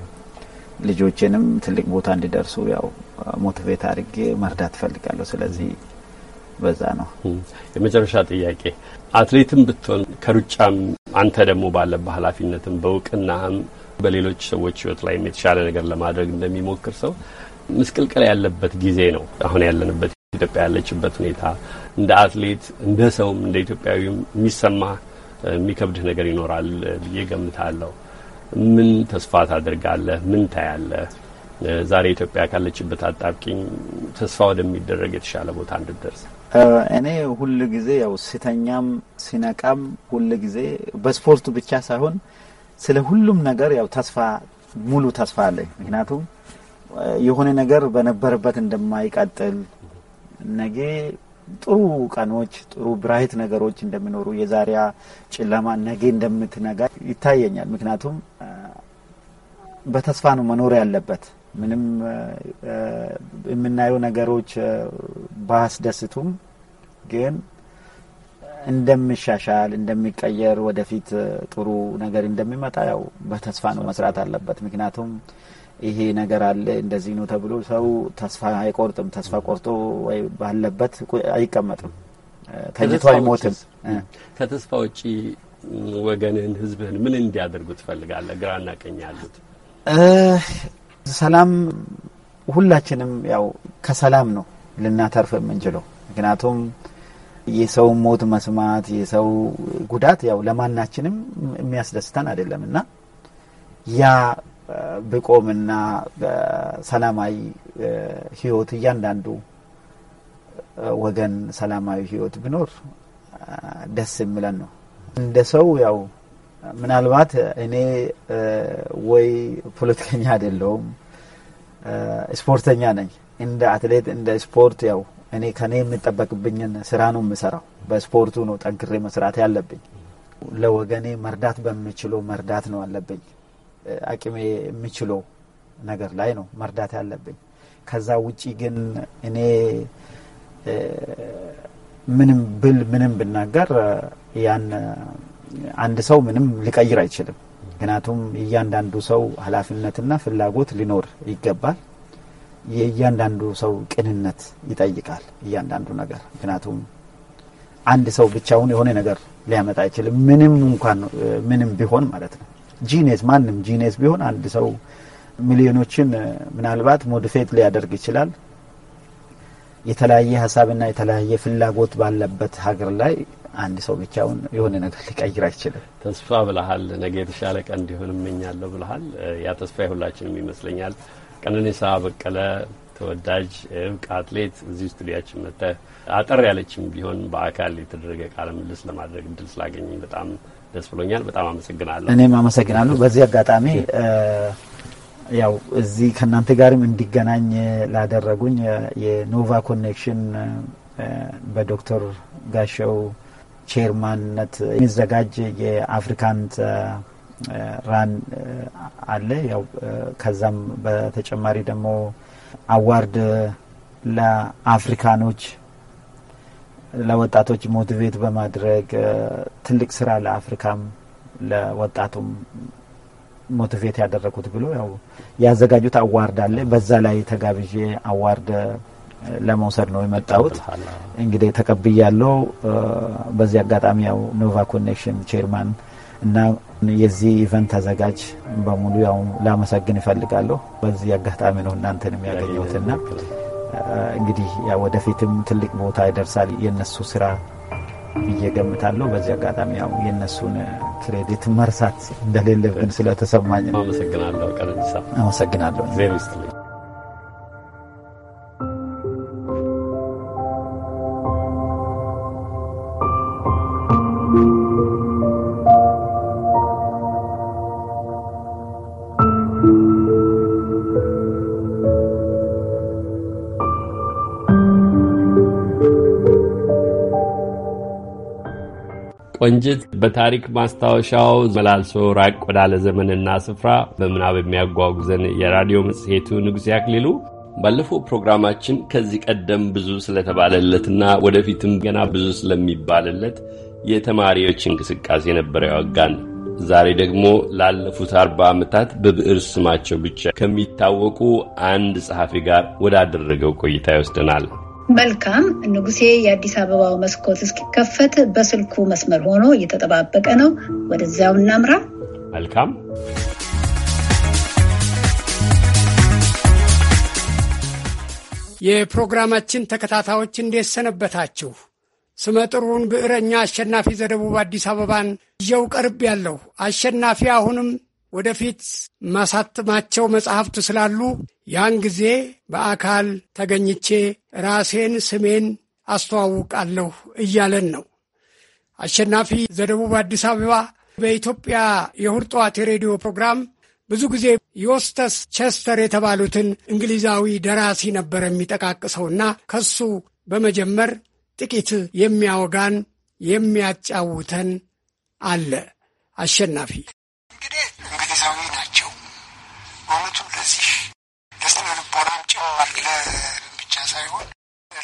ልጆቼንም ትልቅ ቦታ እንዲደርሱ ያው ሞቲቬት አድርጌ መርዳት እፈልጋለሁ። ስለዚህ በዛ ነው።
የመጨረሻ ጥያቄ አትሌትም ብትሆን ከሩጫም አንተ ደግሞ ባለብህ ኃላፊነትም በእውቅናህም በሌሎች ሰዎች ህይወት ላይም የተሻለ ነገር ለማድረግ እንደሚሞክር ሰው ምስቅልቅል ያለበት ጊዜ ነው አሁን ያለንበት ኢትዮጵያ ያለችበት ሁኔታ። እንደ አትሌት እንደ ሰውም እንደ ኢትዮጵያዊም የሚሰማ የሚከብድህ ነገር ይኖራል ብዬ ገምታለሁ። ምን ተስፋ ታደርጋለህ? ምን ታያለህ? ዛሬ ኢትዮጵያ ካለችበት አጣብቂኝ ተስፋ ወደሚደረግ የተሻለ ቦታ እንድትደርስ
እኔ ሁል ጊዜ ያው ሲተኛም ሲነቃም ሁል ጊዜ በስፖርቱ ብቻ ሳይሆን ስለ ሁሉም ነገር ያው ተስፋ ሙሉ ተስፋ አለ። ምክንያቱም የሆነ ነገር በነበረበት እንደማይቀጥል ነገ ጥሩ ቀኖች፣ ጥሩ ብራይት ነገሮች እንደሚኖሩ የዛሬ ጨለማ ነገ እንደምትነጋ ይታየኛል። ምክንያቱም በተስፋ ነው መኖር ያለበት። ምንም የምናየው ነገሮች ባያስደስቱም ግን እንደሚሻሻል እንደሚቀየር ወደፊት ጥሩ ነገር እንደሚመጣ ያው በተስፋ ነው መስራት አለበት። ምክንያቱም ይሄ ነገር አለ እንደዚህ ነው ተብሎ ሰው ተስፋ አይቆርጥም። ተስፋ ቆርጦ ወይ ባለበት አይቀመጥም፣ ተኝቶ አይሞትም።
ከተስፋ ውጪ ወገንህን፣ ህዝብህን ምን እንዲያደርጉ ትፈልጋለህ? ግራና ቀኝ ያሉት
ሰላም ሁላችንም ያው ከሰላም ነው ልናተርፍ የምንችለው። ምክንያቱም የሰው ሞት መስማት፣ የሰው ጉዳት ያው ለማናችንም የሚያስደስተን አይደለም እና ያ ብቆምና ሰላማዊ ህይወት እያንዳንዱ ወገን ሰላማዊ ህይወት ቢኖር ደስ የሚለን ነው እንደ ሰው ያው ምናልባት እኔ ወይ ፖለቲከኛ አይደለውም ስፖርተኛ ነኝ። እንደ አትሌት እንደ ስፖርት ያው እኔ ከኔ የምጠበቅብኝን ስራ ነው የምሰራው። በስፖርቱ ነው ጠንክሬ መስራት ያለብኝ። ለወገኔ መርዳት በምችለው መርዳት ነው አለብኝ። አቅሜ የምችለው ነገር ላይ ነው መርዳት ያለብኝ። ከዛ ውጪ ግን እኔ ምንም ብል ምንም ብናገር ያን አንድ ሰው ምንም ሊቀይር አይችልም። ምክንያቱም እያንዳንዱ ሰው ኃላፊነትና ፍላጎት ሊኖር ይገባል። የእያንዳንዱ ሰው ቅንነት ይጠይቃል እያንዳንዱ ነገር። ምክንያቱም አንድ ሰው ብቻውን የሆነ ነገር ሊያመጣ አይችልም፣ ምንም እንኳን ምንም ቢሆን ማለት ነው። ጂኔስ ማንም ጂኔስ ቢሆን አንድ ሰው ሚሊዮኖችን ምናልባት ሞድፌት ሊያደርግ ይችላል። የተለያየ ሀሳብና የተለያየ ፍላጎት ባለበት ሀገር ላይ አንድ ሰው ብቻውን የሆነ ነገር ሊቀይር አይችልም።
ተስፋ ብልሃል፣ ነገ የተሻለ ቀን እንዲሆን እመኛለሁ ብልሃል። ያ ተስፋ የሁላችንም ይመስለኛል። ቀነኒሳ በቀለ ተወዳጅ እብቅ አትሌት እዚህ ስቱዲያችን መጥተህ አጠር ያለችም ቢሆን በአካል የተደረገ ቃለ ምልልስ ለማድረግ እድል ስላገኘኝ በጣም ደስ ብሎኛል። በጣም አመሰግናለሁ። እኔም አመሰግናለሁ።
በዚህ አጋጣሚ ያው እዚህ ከእናንተ ጋርም እንዲገናኝ ላደረጉኝ የኖቫ ኮኔክሽን በዶክተር ጋሻው ቼርማንነት የሚዘጋጅ የአፍሪካን ራን አለ። ያው ከዛም በተጨማሪ ደግሞ አዋርድ ለአፍሪካኖች ለወጣቶች ሞቲቬት በማድረግ ትልቅ ስራ ለአፍሪካም ለወጣቱም ሞቲቬት ያደረጉት ብሎ ያው ያዘጋጁት አዋርድ አለ። በዛ ላይ ተጋብዤ አዋርድ ለመውሰድ ነው የመጣሁት። እንግዲህ ተቀብያለው። በዚህ አጋጣሚ ያው ኖቫ ኮኔክሽን ቼርማን እና የዚህ ኢቨንት አዘጋጅ በሙሉ ያው ላመሰግን እፈልጋለሁ። በዚህ አጋጣሚ ነው እናንተን የሚያገኘሁትና እንግዲህ ያው ወደፊትም ትልቅ ቦታ ይደርሳል የነሱ ስራ ብዬ ገምታለሁ። በዚህ አጋጣሚ ያው የእነሱን ክሬዲት መርሳት እንደሌለብን ስለተሰማኝ
አመሰግናለሁ። ቀነኒሳ አመሰግናለሁ። ቆንጅት በታሪክ ማስታወሻው መላልሶ ራቅ ወዳለ ዘመንና ስፍራ በምናብ የሚያጓጉዘን የራዲዮ መጽሔቱ ንጉሥ ያክሊሉ ባለፈው ፕሮግራማችን ከዚህ ቀደም ብዙ ስለተባለለትና ወደፊትም ገና ብዙ ስለሚባልለት የተማሪዎች እንቅስቃሴ ነበረ ያወጋን። ዛሬ ደግሞ ላለፉት አርባ ዓመታት በብዕር ስማቸው ብቻ ከሚታወቁ አንድ ጸሐፊ ጋር ወዳደረገው ቆይታ ይወስደናል።
መልካም ንጉሴ የአዲስ አበባው መስኮት እስኪከፈት በስልኩ መስመር ሆኖ እየተጠባበቀ ነው።
ወደዚያው እናምራ። መልካም የፕሮግራማችን ተከታታዮች እንዴት ሰነበታችሁ? ስመጥሩን ብዕረኛ አሸናፊ ዘደቡብ አዲስ አበባን ይዤው ቀርብ ያለሁ አሸናፊ አሁንም ወደፊት ማሳትማቸው መጽሐፍት ስላሉ ያን ጊዜ በአካል ተገኝቼ ራሴን ስሜን አስተዋውቃለሁ እያለን ነው። አሸናፊ ዘደቡብ አዲስ አበባ በኢትዮጵያ የእሁድ ጠዋት የሬዲዮ ፕሮግራም ብዙ ጊዜ ዮስተስ ቸስተር የተባሉትን እንግሊዛዊ ደራሲ ነበር የሚጠቃቅሰውና ከሱ በመጀመር ጥቂት የሚያወጋን የሚያጫውተን አለ አሸናፊ እንግዲህ እንግሊዛዊ ናቸው። በእውነቱ ለዚህ ለስነ ልቦናም ጭምር ለብቻ ሳይሆን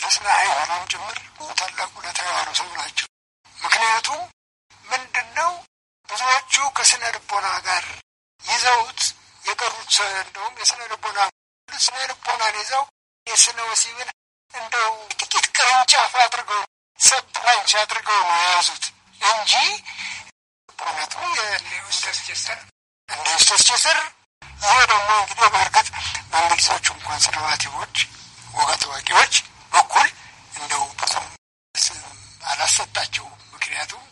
ለስነ አይሆናም
ጭምር ታላቁ ለተባሉ ሰው ናቸው። ምክንያቱም ምንድን ነው ብዙዎቹ ከስነ ልቦና ጋር ይዘውት የቀሩት እንደውም የስነ ልቦና ስነ ልቦናን ይዘው የስነ ወሲብን እንደው ጥቂት ቅርንጫፍ አድርገው ሰብ ብራንች አድርገው ነው የያዙት እንጂ ፕሮሜቱ የሌዊስ ቸስተር ይሄ ደግሞ እንግዲህ በእርግጥ በእንግሊዞቹ ኮንሰርቫቲቮች ወግ አጥባቂዎች በኩል እንደው በጣም አላሰጣቸውም። ምክንያቱም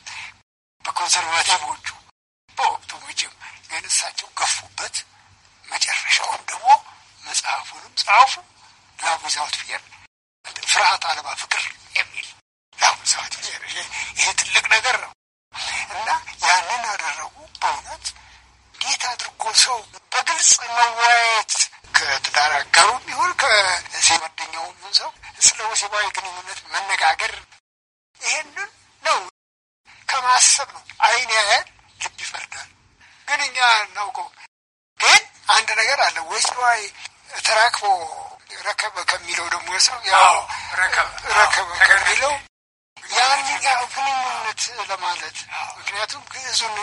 በኮንሰርቫቲቮቹ በወቅቱ መቼም ግን እሳቸው ገፉበት። መጨረሻውን ደግሞ መጽሐፉንም ጻፉ። ላቭ ዊዛውት ፊየር ፍርሃት አልባ ፍቅር የሚል ላቭ ዊዛውት ፊየር። ይሄ ትልቅ ነገር ነው። እና ያንን አደረጉ። በእውነት እንዴት አድርጎ ሰው በግልጽ መወያየት ከትዳር አጋሩ ቢሆን ከሴመደኛው ይሁን ሰው ስለ ወሲባዊ ግንኙነት መነጋገር ይሄንን ነው ከማሰብ ነው። አይን ያያል፣ ልብ ይፈርዳል። ግን እኛ እናውቀው። ግን አንድ ነገር አለ። ወሲባዊ ተራክቦ ረከበ ከሚለው ደግሞ ሰው ያው ረከበ ከሚለው ያን ጋር ግንኙነት ለማለት ምክንያቱም ግዕዙን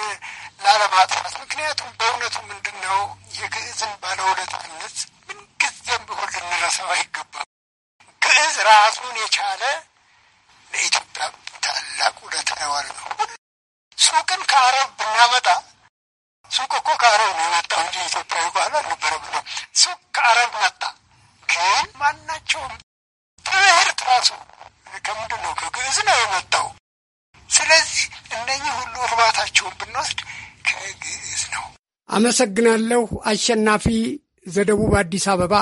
ላለማጥፋት ምክንያቱም በእውነቱ ምንድን ነው የግዕዝን ባለውለታነት ምንጊዜም ቢሆን ልንረሳው አይገባም። ግዕዝ ራሱን የቻለ ለኢትዮጵያ ታላቅ ውለታ የዋለ ነው። ሱቅን ከአረብ ብናመጣ ሱቅ እኮ ከአረብ ነው የመጣው እንጂ ኢትዮጵያዊ ባህል አልነበረም። ሱቅ ከአረብ መጣ። ግን ማናቸውም ትምህርት ራሱ ከምንድን ነው? ከግዕዝ ነው የመጣው። ስለዚህ እነኚህ ሁሉ እርባታቸውን ብንወስድ
ከግዕዝ ነው። አመሰግናለሁ። አሸናፊ ዘደቡብ አዲስ አበባ።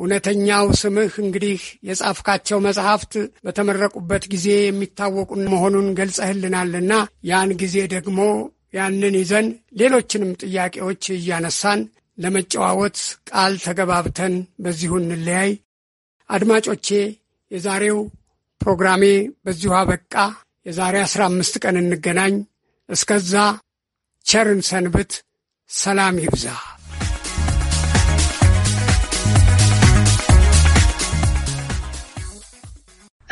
እውነተኛው ስምህ እንግዲህ የጻፍካቸው መጽሐፍት በተመረቁበት ጊዜ የሚታወቁ መሆኑን ገልጸህልናልና ያን ጊዜ ደግሞ ያንን ይዘን ሌሎችንም ጥያቄዎች እያነሳን ለመጨዋወት ቃል ተገባብተን በዚሁ እንለያይ። አድማጮቼ የዛሬው ፕሮግራሜ በዚሁ አበቃ። የዛሬ አስራ አምስት ቀን እንገናኝ። እስከዛ ቸርን ሰንብት። ሰላም ይብዛ።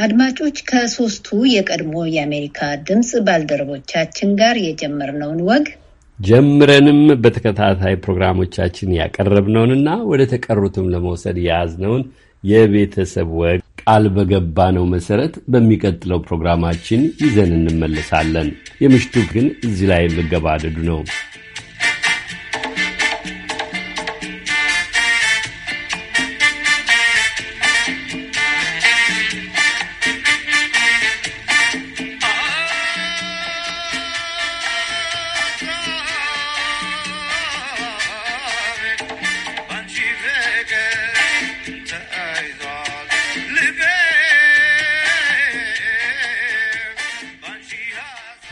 አድማጮች ከሶስቱ የቀድሞ የአሜሪካ ድምፅ ባልደረቦቻችን ጋር የጀመርነውን ወግ
ጀምረንም በተከታታይ ፕሮግራሞቻችን ያቀረብነውንና ወደ ተቀሩትም ለመውሰድ የያዝነውን የቤተሰብ ወግ ቃል ነው መሰረት በሚቀጥለው ፕሮግራማችን ይዘን እንመለሳለን። የምሽቱ ግን እዚህ ላይ መገባደዱ ነው።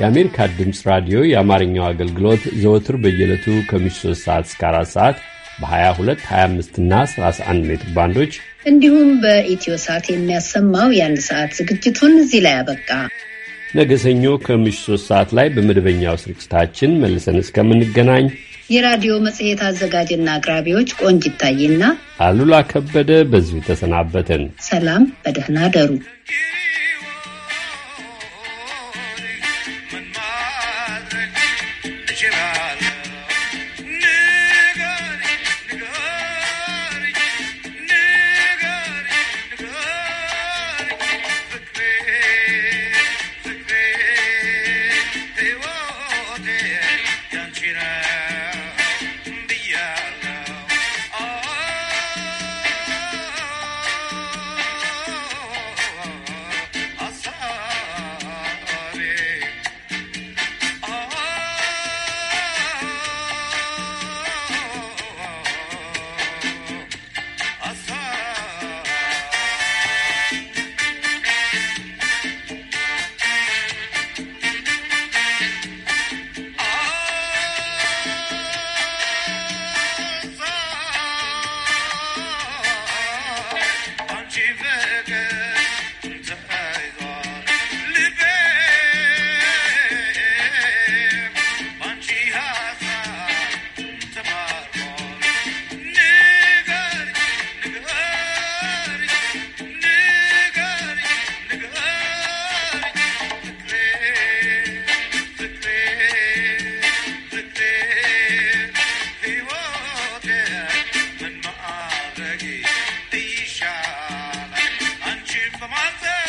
የአሜሪካ ድምፅ ራዲዮ የአማርኛው አገልግሎት ዘወትር በየዕለቱ ከምሽቱ 3 ሰዓት እስከ 4 ሰዓት በ22፣ 25 እና 31 ሜትር ባንዶች
እንዲሁም በኢትዮ ሰዓት የሚያሰማው የአንድ ሰዓት ዝግጅቱን እዚህ ላይ አበቃ።
ነገ ሰኞ ከምሽቱ 3 ሰዓት ላይ በመደበኛው ስርጭታችን መልሰን እስከምንገናኝ
የራዲዮ መጽሔት አዘጋጅና አቅራቢዎች ቆንጅ ይታይና
አሉላ ከበደ በዚሁ ተሰናበትን።
ሰላም፣ በደህና አደሩ።